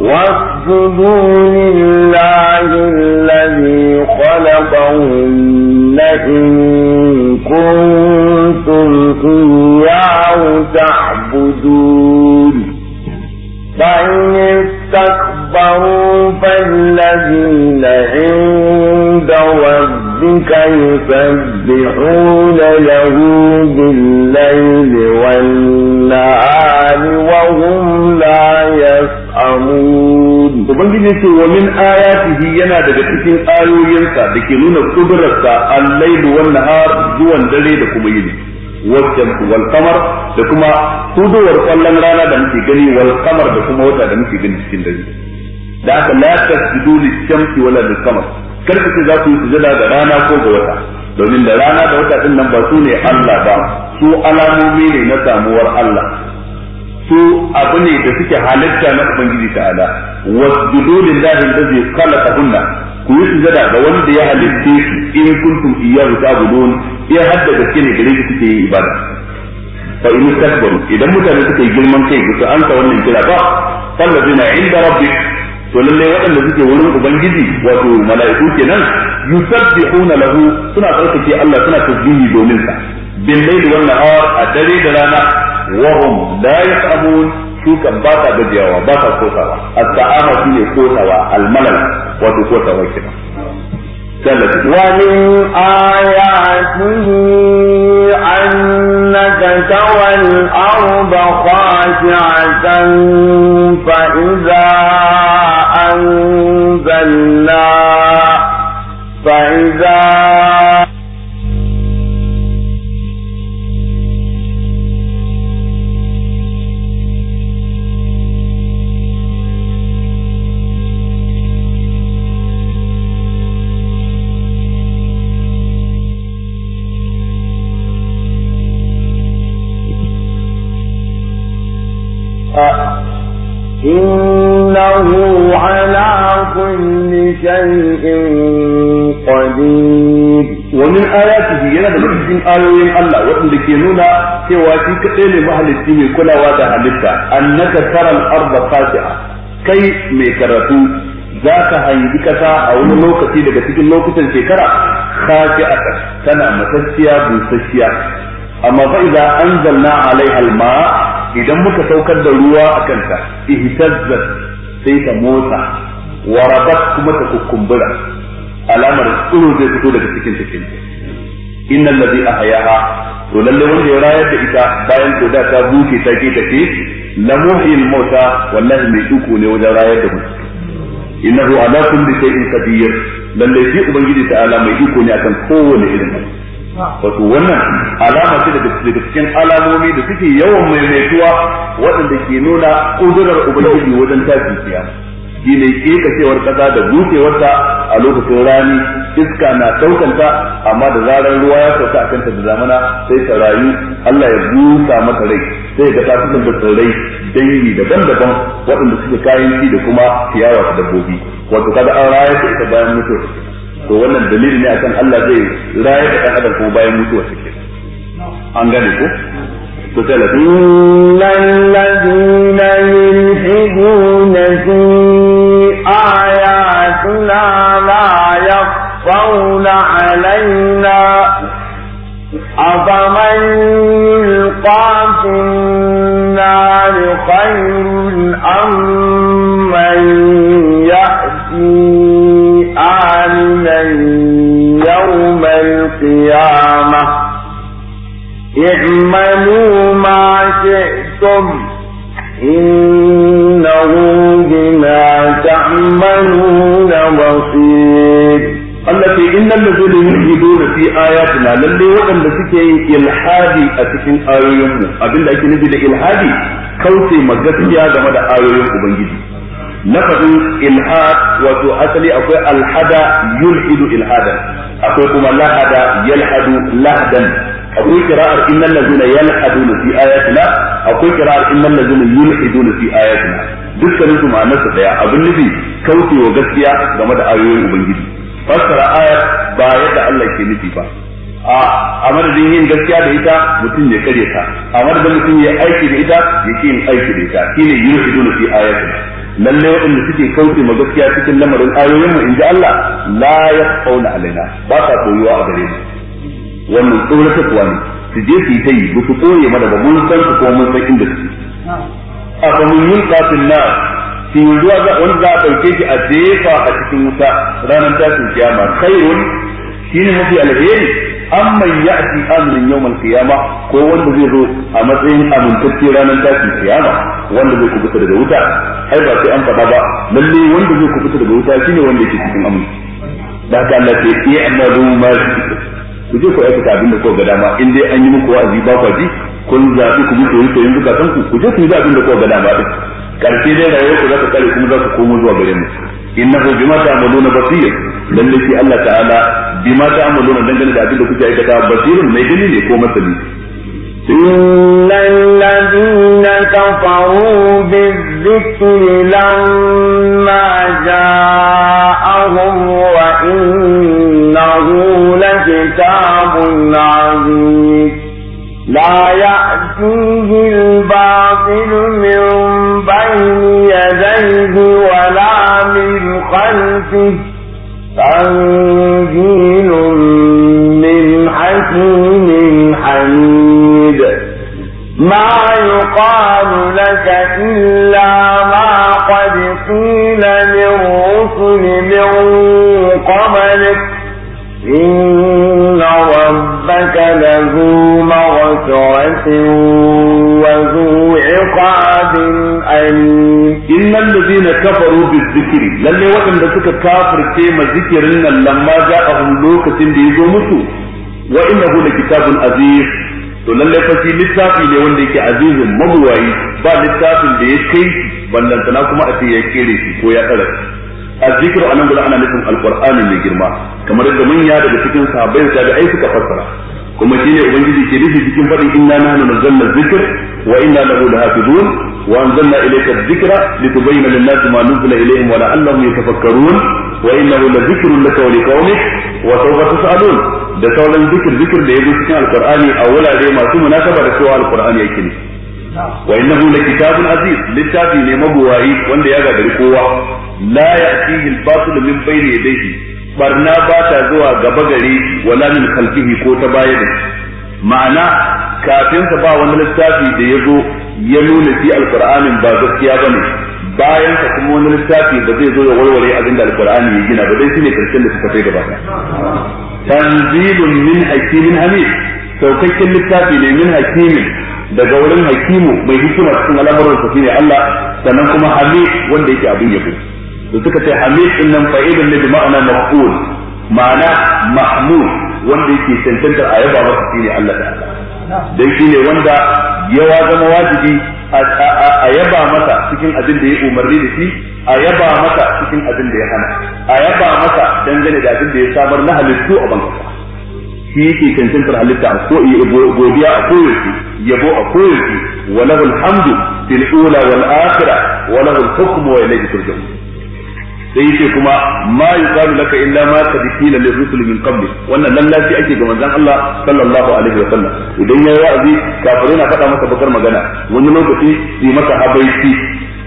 واسجدوا لله الذي خلقهن إن كنتم إياه تعبدون فإن استكبروا فالذين عند ربك يسبحون له بالليل والنهار وهم ubangiji yace wa min ayatihi yana daga cikin ayoyinsa da ke nuna kudrarsa al-lailu wan nahar zuwan dare da kuma yini wajen wal qamar da kuma kuduwar kallon rana da muke gani wal qamar da kuma wata da muke gani cikin dare da aka la tasjudu lish-shamsi wala lil-qamar kar ku za ku yi sujada da rana ko ga wata domin da rana da wata din nan ba su ne Allah ba su alamomi ne na samuwar Allah su abu ne da suke halitta na ubangiji ta'ala wasjudu lillahi allazi khalaqahunna ku yi sujada ga wanda ya halitta su in kuntum iyyahu ta'budun ya hadda gaske ne gare shi suke yi ibada fa in istakbaru idan mutane suka girman kai su an ka wannan kira ba fallazina inda rabbik to lalle waɗanda suke wurin ubangiji wato mala'iku kenan yusabbihuna lahu suna tsarkake Allah suna tasbihi domin sa bin laili wan nahar a dare da rana وهم لا يتعبون شوكا باتا بجيوا باتا كوتاوا التعامة فيه كوتاوا الملل وفي كوتاوا كما ومن آياته أنك ترى الأرض خاشعة فإذا أنزلنا على كل شيء قدير ومن آياته yana daga cikin ayoyin Allah waɗanda ke nuna cewa shi kaɗai ne mahalicci mai kulawa da halitta annaka taral arda fasi'a kai mai karatu za ka hangi kasa a wani lokaci daga cikin lokutan shekara khasi'a tana matacciya busasshiya amma fa idza anzalna alaiha alma idan muka saukar da ruwa akan ta sai ta motsa warabat kuma ta kukumbura alamar tsiro zai fito daga cikin cikin inna allazi ahyaha to lalle wanda ya rayar da ita bayan to da ta buke ta ke tafi lamuhil mauta wallahi mai duku ne wajen rayar da mutum innahu ala kulli shay'in qadir lalle shi ubangiji ta'ala mai iko ne akan kowane irin abu wato wannan alama ce daga cikin alamomi da suke yawan maimaituwa waɗanda ke nuna ƙudurar ubangiji wajen tafiya kiyama shi ne kekacewar kasa da bushewarta a lokacin rani iska na ɗaukanta amma da zarar ruwa ya sauka a kanta da zamana sai ta rayu Allah ya busa mata rai sai ga ta fitar da tsirrai dangi daban-daban waɗanda suke kayan ci da kuma ciyawa da dabbobi wato kaga an rayar da ita bayan mutuwa to wannan dalili ne akan Allah zai rayar da ɗan adam kuma bayan mutuwa suke an gane ko to tala innal ladina yulhiduna fi ayatina la yaqawna alaina afaman yulqa fi النار خير اعملوا ما شئتم إنه بما تعملون بصير التي إن الذين يلحدون في آياتنا للي وقم لسكي إلحادي أتكين آيوين أبن لأيك نجد إلحادي كوتي مجدسيا جمد آيوين أبنجدي لفظ إلحاد وتو أسلي أقوى الحدا يلحد إلحادا أقوى كما لحد يلحد لحدا akwai kira'ar innal ladzina yalhaduna fi ayatina akwai kira'ar innal ladzina yulhiduna fi ayatina dukkanin su ma'anar su daya abin nufi wa gaskiya game da ayoyin ubangiji fassara ayar ba yadda Allah ke nufi ba a madadin yin gaskiya da ita mutum ya kare ta a madadin mutum ya aiki da ita ya ke yin aiki da ita shine yuridu fi ayatin lalle wanda suke kauce ma gaskiya cikin lamarin ayoyinmu in ji Allah la fauna alaina ba ta koyuwa a gare mu wannan tsoratarwa ne su je su yi ta yi ba su tsoye mana ba mun san su ko mun san inda su a kamun yin kafin na shi ruwa wani za a ɗauke shi a jefa a cikin wuta ranar tashin kiyama wani shi ne mafi alheri mai ya ci aminin yau kiyama ko wanda zai zo a matsayin amintacce ranar tashin kiyama wanda zai kubuta daga wuta ai ba sai an faɗa ba lalle wanda zai kubuta daga wuta shine wanda yake cikin aminci da ta lafiya ke iya amalu ma shi ku je ku aikata abin da ko ga dama in dai an yi muku wa'azi ba ku ji kun zaɓi ku muku yi koyin zukatan ku ku je ku yi abin da kuka ga dama din karshe dai rayuwar ku za ku kare kuma za ku komo zuwa gare mu innahu bima ta'maluna basir lalle shi Allah ta'ala bima ta'maluna dangane da abin da kuke aikata basirin mai gani ne ko masani إن الذين كفروا بالذكر لما جاءهم وإن كتاب عزيز لا يأتيه الباطل من بين يديه ولا من خلفه تنزيل من حكيم حميد ما يقال لك إلا ما قد قيل للرسل من قبلك إن كان ذو مغسرة وذو عقاب أليم إن الذين كفروا بالذكر للي وإن ذكر كافر كيما ذكر لما جاءهم لوكة ليزومسوا وإنه لكتاب عزيز to lallai fa shi littafi ne wanda yake azizin mabuwayi ba littafin da ya kai ballantana kuma a ce ya kere shi ko ya tsara azzikiru anan gudu ana nufin alqur'ani mai girma kamar yadda mun ya daga cikin sahabbai da ai suka fassara kuma shine ubangiji ke nufi cikin fadin inna nahnu nazzalna dhikr wa inna lahu lahafizun wa anzalna ilayka dhikra litubayyana lin-nasi ma nuzila ilayhim wa la'allahum yatafakkarun wa innahu ladhikrun laka wa liqaumik wa sawfa tus'alun da sauran zikir zikir da yazo cikin alqur'ani a wurare masu munasaba da cewa alqur'ani yake ne wa innahu lakitabun aziz littafi ne mabuwayi wanda ya gagari kowa la ya'tihi al-batil min bayni yadayhi barna ba ta zuwa gaba gare wala min khalfihi ko ta baya da ma'ana kafin sa ba wani littafi da ya zo ya nuna fi alqur'anin ba gaskiya bane bayan sa kuma wani littafi da zai zo ya warware abin da alqur'ani ya gina ba dai shine karshen da suka kai gaba tanzilun min hakimin hamid saukakken littafi ne min hakimin daga wurin hakimu mai hikima cikin al'amuran sa shine Allah sannan kuma hamid wanda yake abin yabo da suka ce hamid din nan fa'ilun ne bi ma'ana maf'ul ma'ana mahmud wanda yake cancantar a yaba masa shine Allah ta'ala dan shine wanda yawa zama wajibi a yaba masa cikin abin da ya umarni da shi a yaba masa cikin abin da ya hana a yaba masa dangane da abin da ya samar na halittu a banka shi yake cancantar halitta a ko godiya a koyaushe yabo a koyaushe wa lahul hamdu fil ula wal akhirah wa lahul hukmu wa ilayhi turja'un sai yace kuma ma yuqalu laka illa ma qad qila lil rusul min qabli wannan lallaci ake ga manzon Allah sallallahu alaihi wa sallam idan ya wa'azi kafirai na faɗa masa bakar magana wani lokaci su masa habaiti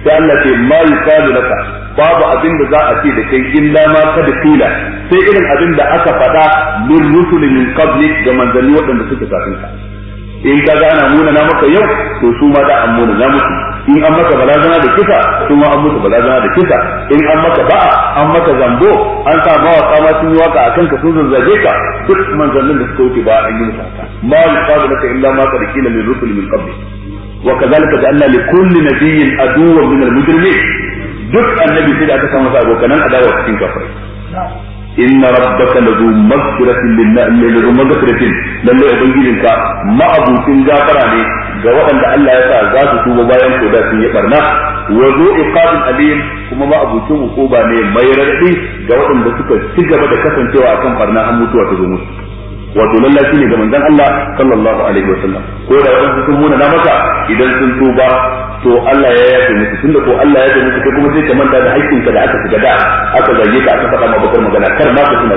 sai Allah ce ma yuqalu laka babu abin da za a ce da kai illa ma qad qila sai irin abin da aka faɗa lil rusul min qabli ga manzanni waɗanda suke kafin ka in ka ana muna na maka yau to su ma da an na musu in an maka balazana da kisa su ma an musu balazana da kisa in an maka ba'a an maka zambo an sa bawa kama sun yi waka akan ka sun zazzage ka duk manzannin da suka wuce ba an yi musu haka ma yusabu laka illa ma qad qila min rusul min qabli wa kadhalika ja'alna li kulli nabiyyin aduwwan min al-mujrimin duk annabi sai da aka samu sa abokanan adawa cikin kafirai إن ربك لذو مغفرة لله لذو مغفرة لله أبنجيلك ما أبو سنجا تراني ga waɗanda Allah ya sa za su tuba bayan ko da sun yi barna wa zu iqabul alim kuma ma abucin hukuma ne mai radadi ga waɗanda suka ci gaba da kasancewa akan barna har mutuwa ta zo musu wato lalla shine ga manzon Allah sallallahu alaihi wasallam ko da waɗansu sun na maka idan sun tuba to Allah ya yafe musu tunda ko Allah ya yafe musu kai kuma sai ka manta da haƙƙinka da aka shiga da aka zage ka aka faɗa ma bakar magana kar ma ka tuna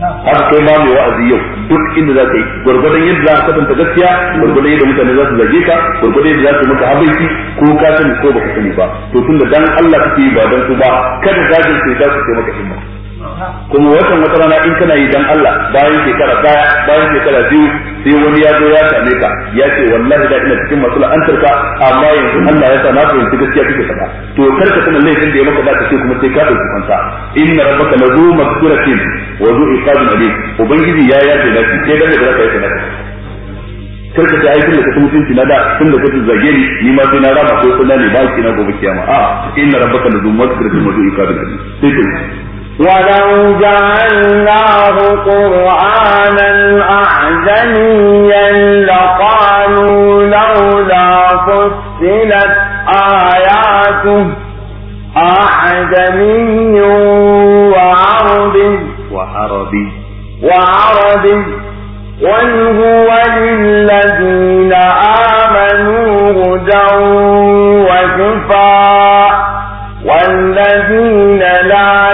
haka kai ba mai wa'azi yau duk inda za ka yi gwargwadon yadda za ka kasanta gaskiya gwargwadon yadda mutane za su zage ka gwargwadon yadda za su maka habaiki ko ka sani ko baka sani ba to tunda dan Allah kake yi ba dan su ba kada gajin sai za su kai maka himma kuma watan wata rana in kana yi dan Allah bayan shekara daya bayan shekara biyu sai wani ya zo ya same ka ya ce wallahi da ina cikin masu la'antar ka amma yanzu Allah ya sa na fahimci gaskiya kike faɗa to kar ka sanin laifin da ya maka zaka ce kuma sai ka ɗauki kwanta inna rabbaka la zu maghfiratin wa zu iqabin alim ubangiji ya yace da shi sai dan da zaka yi sanaka kar ka ai tun da ka mutunci na da tun da kasu zage ni ni ma sai na rama ko sunna ne ba ki na gobe kiyama a inna rabbaka la zu maghfiratin wa zu iqabin alim sai ولو جعلناه قرآنا أعجميا لقالوا لولا فصلت آياته أعجمي وعربي وعربي وعربي قل هو للذين آمنوا هدى وشفاء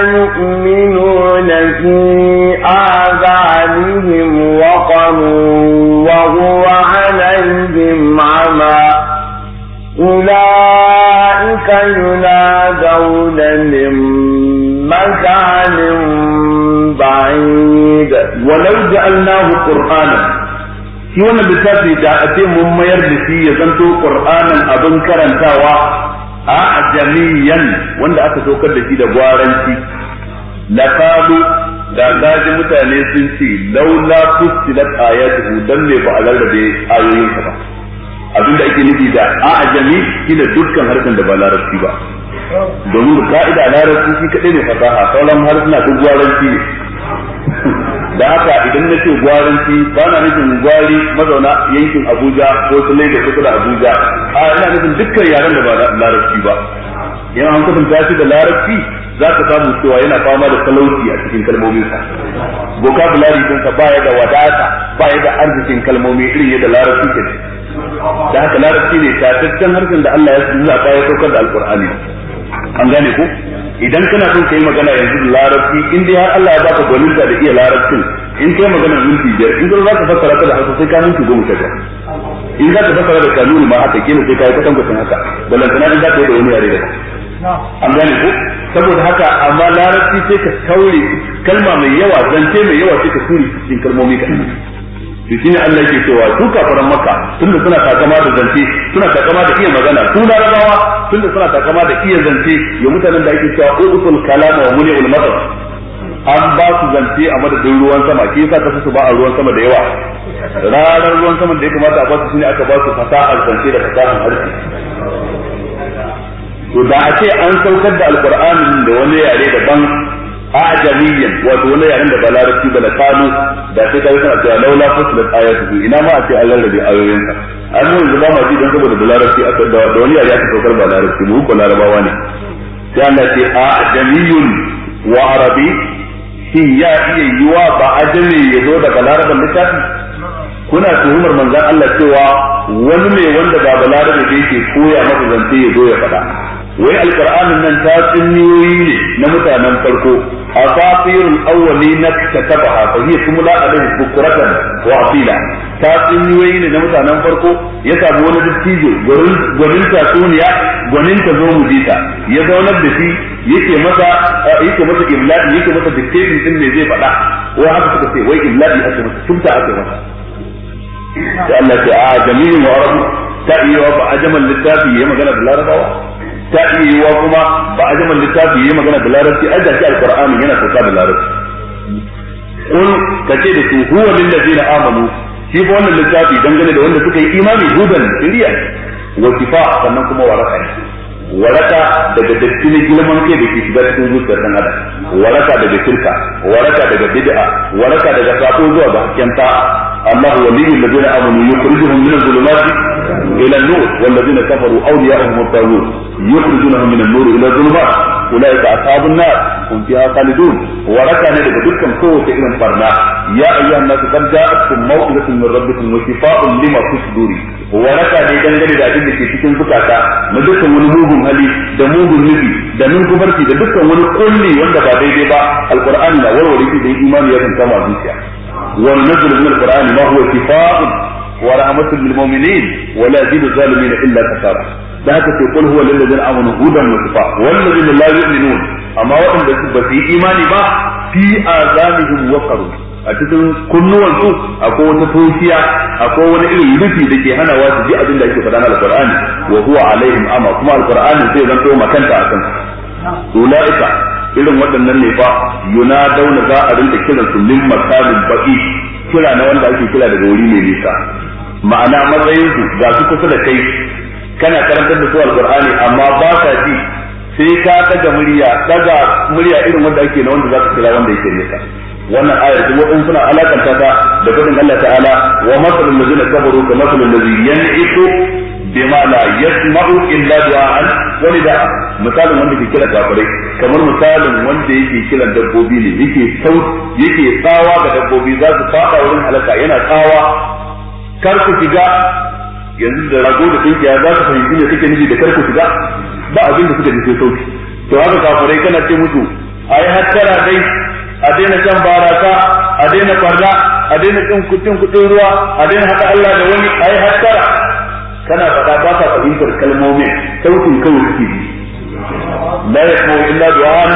المؤمنون في آذانهم وقر وهو عليهم عمى أولئك ينادون من مكان بعيد ولو جعلناه قرآنا shi wannan littafi da a ce mun mayar da shi ya zanto qur'anin abin karantawa ajamiyan wanda aka saukar da shi da gwaranci laqalu da gaji mutane sun ce laula fustilat ayatuhu dan ne ba a rarrabe ayoyin ba abinda ake nufi da ajami shine dukkan harkan da ba larabci ba domin ka'ida larabci shi kadai ne fasaha sauran harsuna duk gwaranci da haka idan na ce gwaranci ba na nufin gwari mazauna yankin abuja ko su laifin kusa da abuja a ina nufin dukkan yaren da ba larabci ba yana an kusan tashi da larabci za ka samu cewa yana fama da talauci a cikin kalmominsa vocabulary ɗinsa ba ya da wadata ba ya da arzikin kalmomi irin yadda larabci ke da haka larabci ne tataccen harshen da Allah ya zuwa ya saukar da alkur'ani an gane ku idan kana son kai magana yanzu da larabci in dai har Allah ya baka gwanin da iya larabcin in kai magana minti biyar in zo za ka fassara ta da hausa sai ka minti goma sha in za ka fassara da kanun ma haka kina sai ka yi kwatankwacin haka balantana in za ka yi da wani yare da an gane ko saboda haka amma larabci sai ka kaure kalma mai yawa zance mai yawa sai ka turi cikin kalmomi ka to shine Allah yake cewa su kafaran maka tunda suna takama da zance suna takama da iya magana su larabawa tunda suna takama da iya zance ya mutanen da yake cewa usul kalama wa ul madar an ba su zance a madadin ruwan sama ke yasa kasu su ba a ruwan sama da yawa ranar ruwan sama da ya kamata a ba su shine aka ba su fasahar zance da fasahar harshe to da a ce an saukar da alqur'anin da wani yare daban ajamiyyan wato wani yaren da balarabci ba kalu da sai ka suna cewa laula fasilat ayatu ina ma a ce Allah rabi ayoyin ka an mun zuba ma ji dan saboda balarabci aka da wani yare aka saukar balarabci mu ko larabawa ne sai Allah ce ajamiyyun wa arabi shi ya iya yi wa ba ajami ya zo da balaraban littafi kuna tuhumar manzan Allah cewa wani ne wanda ba balarabe da yake koya maka zance ya zo ya faɗa wai alqur'anin nan ta tsinniyoyi ne na mutanen farko asafirul awwali na katabaha fa hiya tumla alaihi bukratan wa asila ta tsinniyoyi ne na mutanen farko ya samu wani dattijo gwanin tatsuniya gwanin ta zo mujita ya zauna da shi yake masa yake masa imla'i yake masa dictation din ne zai faɗa wa haka suka ce wai imla'i ake masa tumta ake masa da Allah ta a ah, jami'in wa arabu ta iya wa ba ajaman littafi ya magana da larabawa ta iya yiwa kuma ba a jaman littafi yi magana da larabci ai al alqur'ani yana sauka da larabci kun kace da su huwa lil ladina amanu shi ba wannan littafi dangane da wanda suka yi imani hudan shiriya wa kifa sannan kuma waraka ne waraka daga datti na girman kai da ke shiga cikin zuciyar dan adam waraka daga shirka waraka daga bid'a waraka daga sako zuwa ga hakkin ta'a Allahu waliyul ladina amanu yukhrijuhum min adh-dhulumati الى النور والذين كفروا اولياءهم الطاغوت يخرجونهم من النور الى الظلمات اولئك اصحاب النار هم فيها خالدون وركن لك دكم قوة الى الفرنا يا ايها الناس قد جاءتكم موعظه من ربكم وشفاء لما في الصدور وركن لك دنجل إلى أجل في سكن zukata na dukkan هلي mugun النبي da mugun nufi da min با da با wani لا wanda ba daidai ba alqur'ani na warware shi من imani ما هو ma wa rahmatul lil mu'minin da la na zalimin illa khasara da haka sai kul huwa lil ladina amanu hudan wa shifa wal ladina la yu'minun amma waɗanda su ba yi imani ba fi azanihim waqaru a cikin kunnuwan su akwai wata toshiya akwai wani irin rufi da ke hana wa su ji abin da ake faɗa na alqur'ani wa huwa alaihim ama kuma alqur'ani sai zan to makanta akan ulaika irin waɗannan ne fa yunadawna za a rinka kiransu min makalin baqi kira na wanda ake kira daga wuri mai nisa ma'ana matsayin su ga su kusa da kai kana karantar da su alqur'ani amma ba ka ji sai ka daga murya daga murya irin wanda ake na wanda za ka kira wanda yake nesa wannan ayar kuma in suna alakanta ta da gudun Allah ta'ala wa masalul ladina kafaru ka masalul ladhi yan'itu bima la yasma'u illa du'a'an wa nida'a misalin wanda yake kira kafare kamar misalin wanda yake kira dabbobi ne yake sau yake tsawa ga dabbobi za su fada wurin halaka yana tsawa kar ku shiga yanzu da rago da tunkiya za su fahimci ne suke nufi da kar ku shiga ba abin da suka ji sai sauki to haka kafirai kana ce musu ai hattara dai a daina shan baraka, a daina farda a daina cin kucin kudin ruwa a daina haɗa Allah da wani ai hattara kana faɗa ba ka fahimtar kalmomin sautin kawai suke ji la yasma'u illa du'an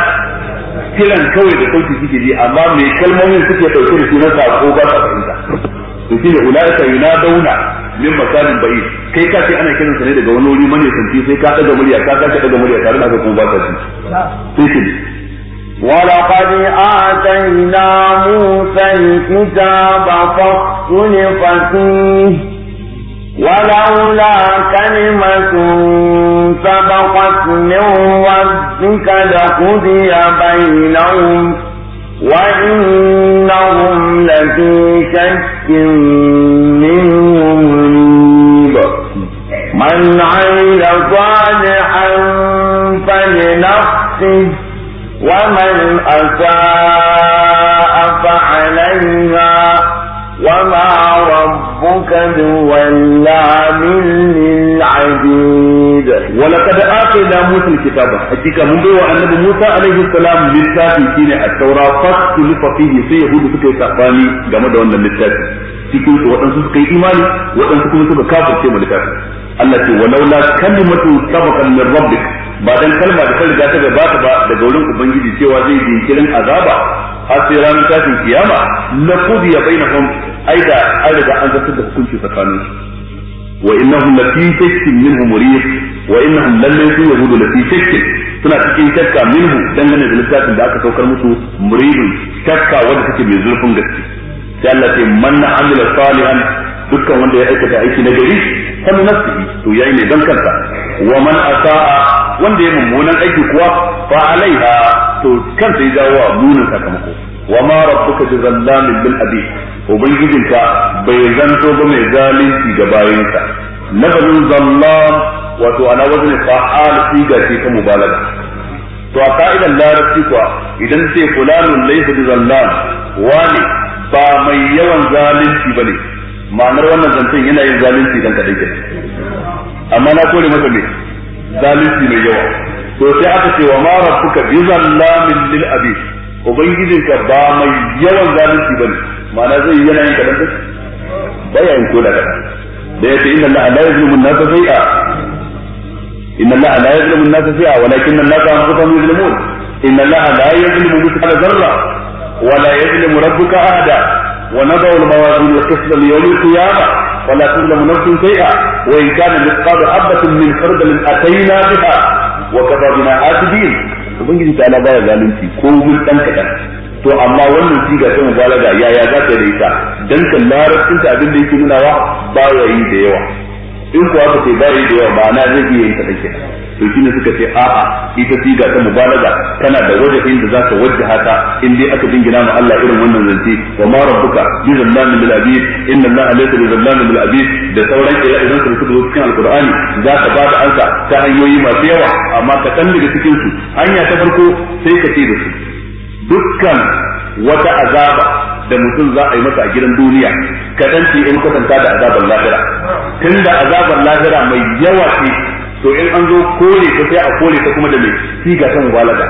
kiran kawai da sauti suke ji amma mai kalmomin suke ɗauke da sunan ko ba ka fahimta to shine ulaika dauna min masalin ba'i kai ka ce ana kiransa ne daga wani wuri mane santi sai ka daga murya ka ka daga murya tare da kuma ba ka ci sai shi ولقد آتينا موسى الكتاب فاختلف فيه ولولا كلمة سبقت من ربك لقضي بينهم وإنهم لفي شك منه مريب من عمل صالحا فلنفسه ومن أساء فعليها وما ربك بظلام للعبيد ولقد آتينا موسى الكتاب حقيقة من بيوى النبي موسى عليه السلام للتافي كيني التوراة فاختلف فيه في يهود سكي سأفاني كما دون للتافي cikin su waɗansu suka yi imani waɗansu kuma suka kafirce mu littafi Allah ce walaula kalimatu sabaqan min rabbik ba dan kalma da ta riga ta gabata ba daga wurin ubangiji cewa zai jinkirin azaba har sai ranar tashin kiyama la qudiya bainahum ai da an riga an zartar da hukunci tsakanin su wa innahum la fi shakkin minhu murib wa innahum lalle su yahudu la fi shakkin suna cikin shakka minhu dangane da littafin da aka saukar musu muribin shakka wanda take mai zurfin gaske sai Allah ce man amila salihan dukkan wanda ya aikata aiki na gari فلنفسه تو yayi ne dan kanta, wa man asaa wanda ya mummunan aiki kuwa fa alaiha to kansa ya jawo munin sakamako wa ma rabbuka bi zallamin bil abid ubangijinka bai zanto ba mai zalunci ga bayinsa lafazin zallam wato ala wajen fa'al siga ce ta mubalaga to a ka'idan larabci kuwa idan sai fulanun laysa zallam wani ba mai yawan zalunci ba ne. ma'anar wannan zancen yana yin zalunci dan kaɗan ke amma na kore masa ne zalunci mai yawa to sai aka ce wa ma rabbuka bi zallamin lil abid ubangijinka ba mai yawan zalunci bane ma'ana zai yi yana yin kaɗan ke baya yin da kaɗan da yace inna allaha la yuzlimu an-nasa shay'a inna allaha la yuzlimu an-nasa shay'a walakinna an-nasa anfusahum yuzlimun inna allaha la yuzlimu mithqala dharra wa la yuzlimu rabbuka ahada ونضع الموازين القسط ليوم القيامة ولا تظلم نفس شيئا وإن كان مثقال حبة من خردل أتينا بها وكفى بنا آتبين ubangiji ta Allah baya zalunci ko mun ɗan kaɗan to amma wannan siga ta mubalaga yaya za ka da ita dan kan larabcin abin da yake nuna wa yi da yawa in kuwa ka ce yi da yawa ma'ana zai iya yin kaɗan kenan to shi ne suka ce a'a ita siga ta mubalaga tana da wajahin da zaka wajja haka in dai aka dingina ma Allah irin wannan zance wa ma rabbuka bi zallamin lil abid inna allaha laysa bi zallamin lil abid da sauran ila idan sun fito cikin alqur'ani za ka ba da ansa ta hanyoyi masu yawa amma ka kan daga cikin su hanya ta farko sai ka ce da su dukkan wata azaba da mutum za a yi masa a gidan duniya kadan ce in kwatanta da azabar lahira tunda azabar lahira mai yawa ce to in an zo kore ta sai a kore ta kuma da mai siga ta mubalaga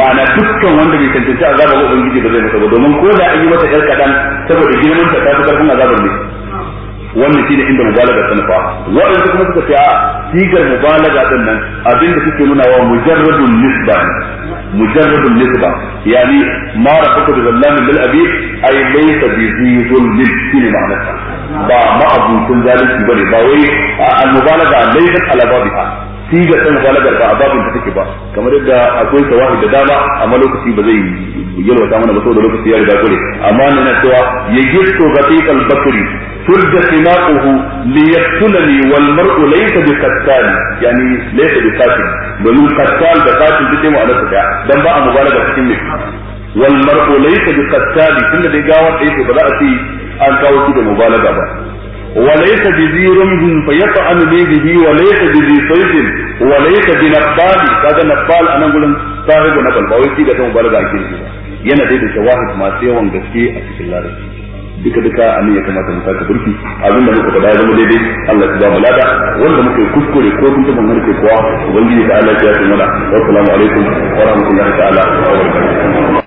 ma'ana dukkan wanda bai cancanci azabar ubangiji ba zai masa ba domin ko da an yi masa yar kadan saboda girman ta ta fi karfin azabar ne wannan ne inda mubalaga ta nufa wa'anda kuma suka ce a sigar mubalaga din nan abinda suke nuna wa mujarradun nisba mujarradun nisba yani ma rabbuka da zallami bil abi ay laysa bi zulmin shine ma'ana ba ma abu ma'abutun zalunci bane ba wai al mubalaga laysa ala babiha sigar ɗan balagar ba a babin ta take ba kamar yadda akwai tawahi da dama amma lokaci ba zai ta mana ba saboda lokaci ya riga gure amma na cewa ya gisto ga al-bakri turda sinaquhu li yaqtulani wal mar'u laysa bi qattal yani laysa bi qatil domin qattal da qatil duk mu alaka da dan ba a mubalaga cikin ne wal mar'u laysa bi qattal tunda dai gawar dai ba za a ce an kawo shi da mubalaga ba وليس بذي رمح فيطعن به وليس بذي صيف وليس بنبال هذا نبال انا اقول صاحب نبل باوي سي da mubalaga ake yi yana dai da shawahid masu yawan gaske a cikin larabci duka duka a ya kamata mu saka burki abinda muka faɗa ya zama daidai Allah ya ba mu lada wanda muka yi kuskure ko kun taɓa harke kuwa ubangiji ta Allah ya tsaye mana wa rahmatullahi wa barakatuh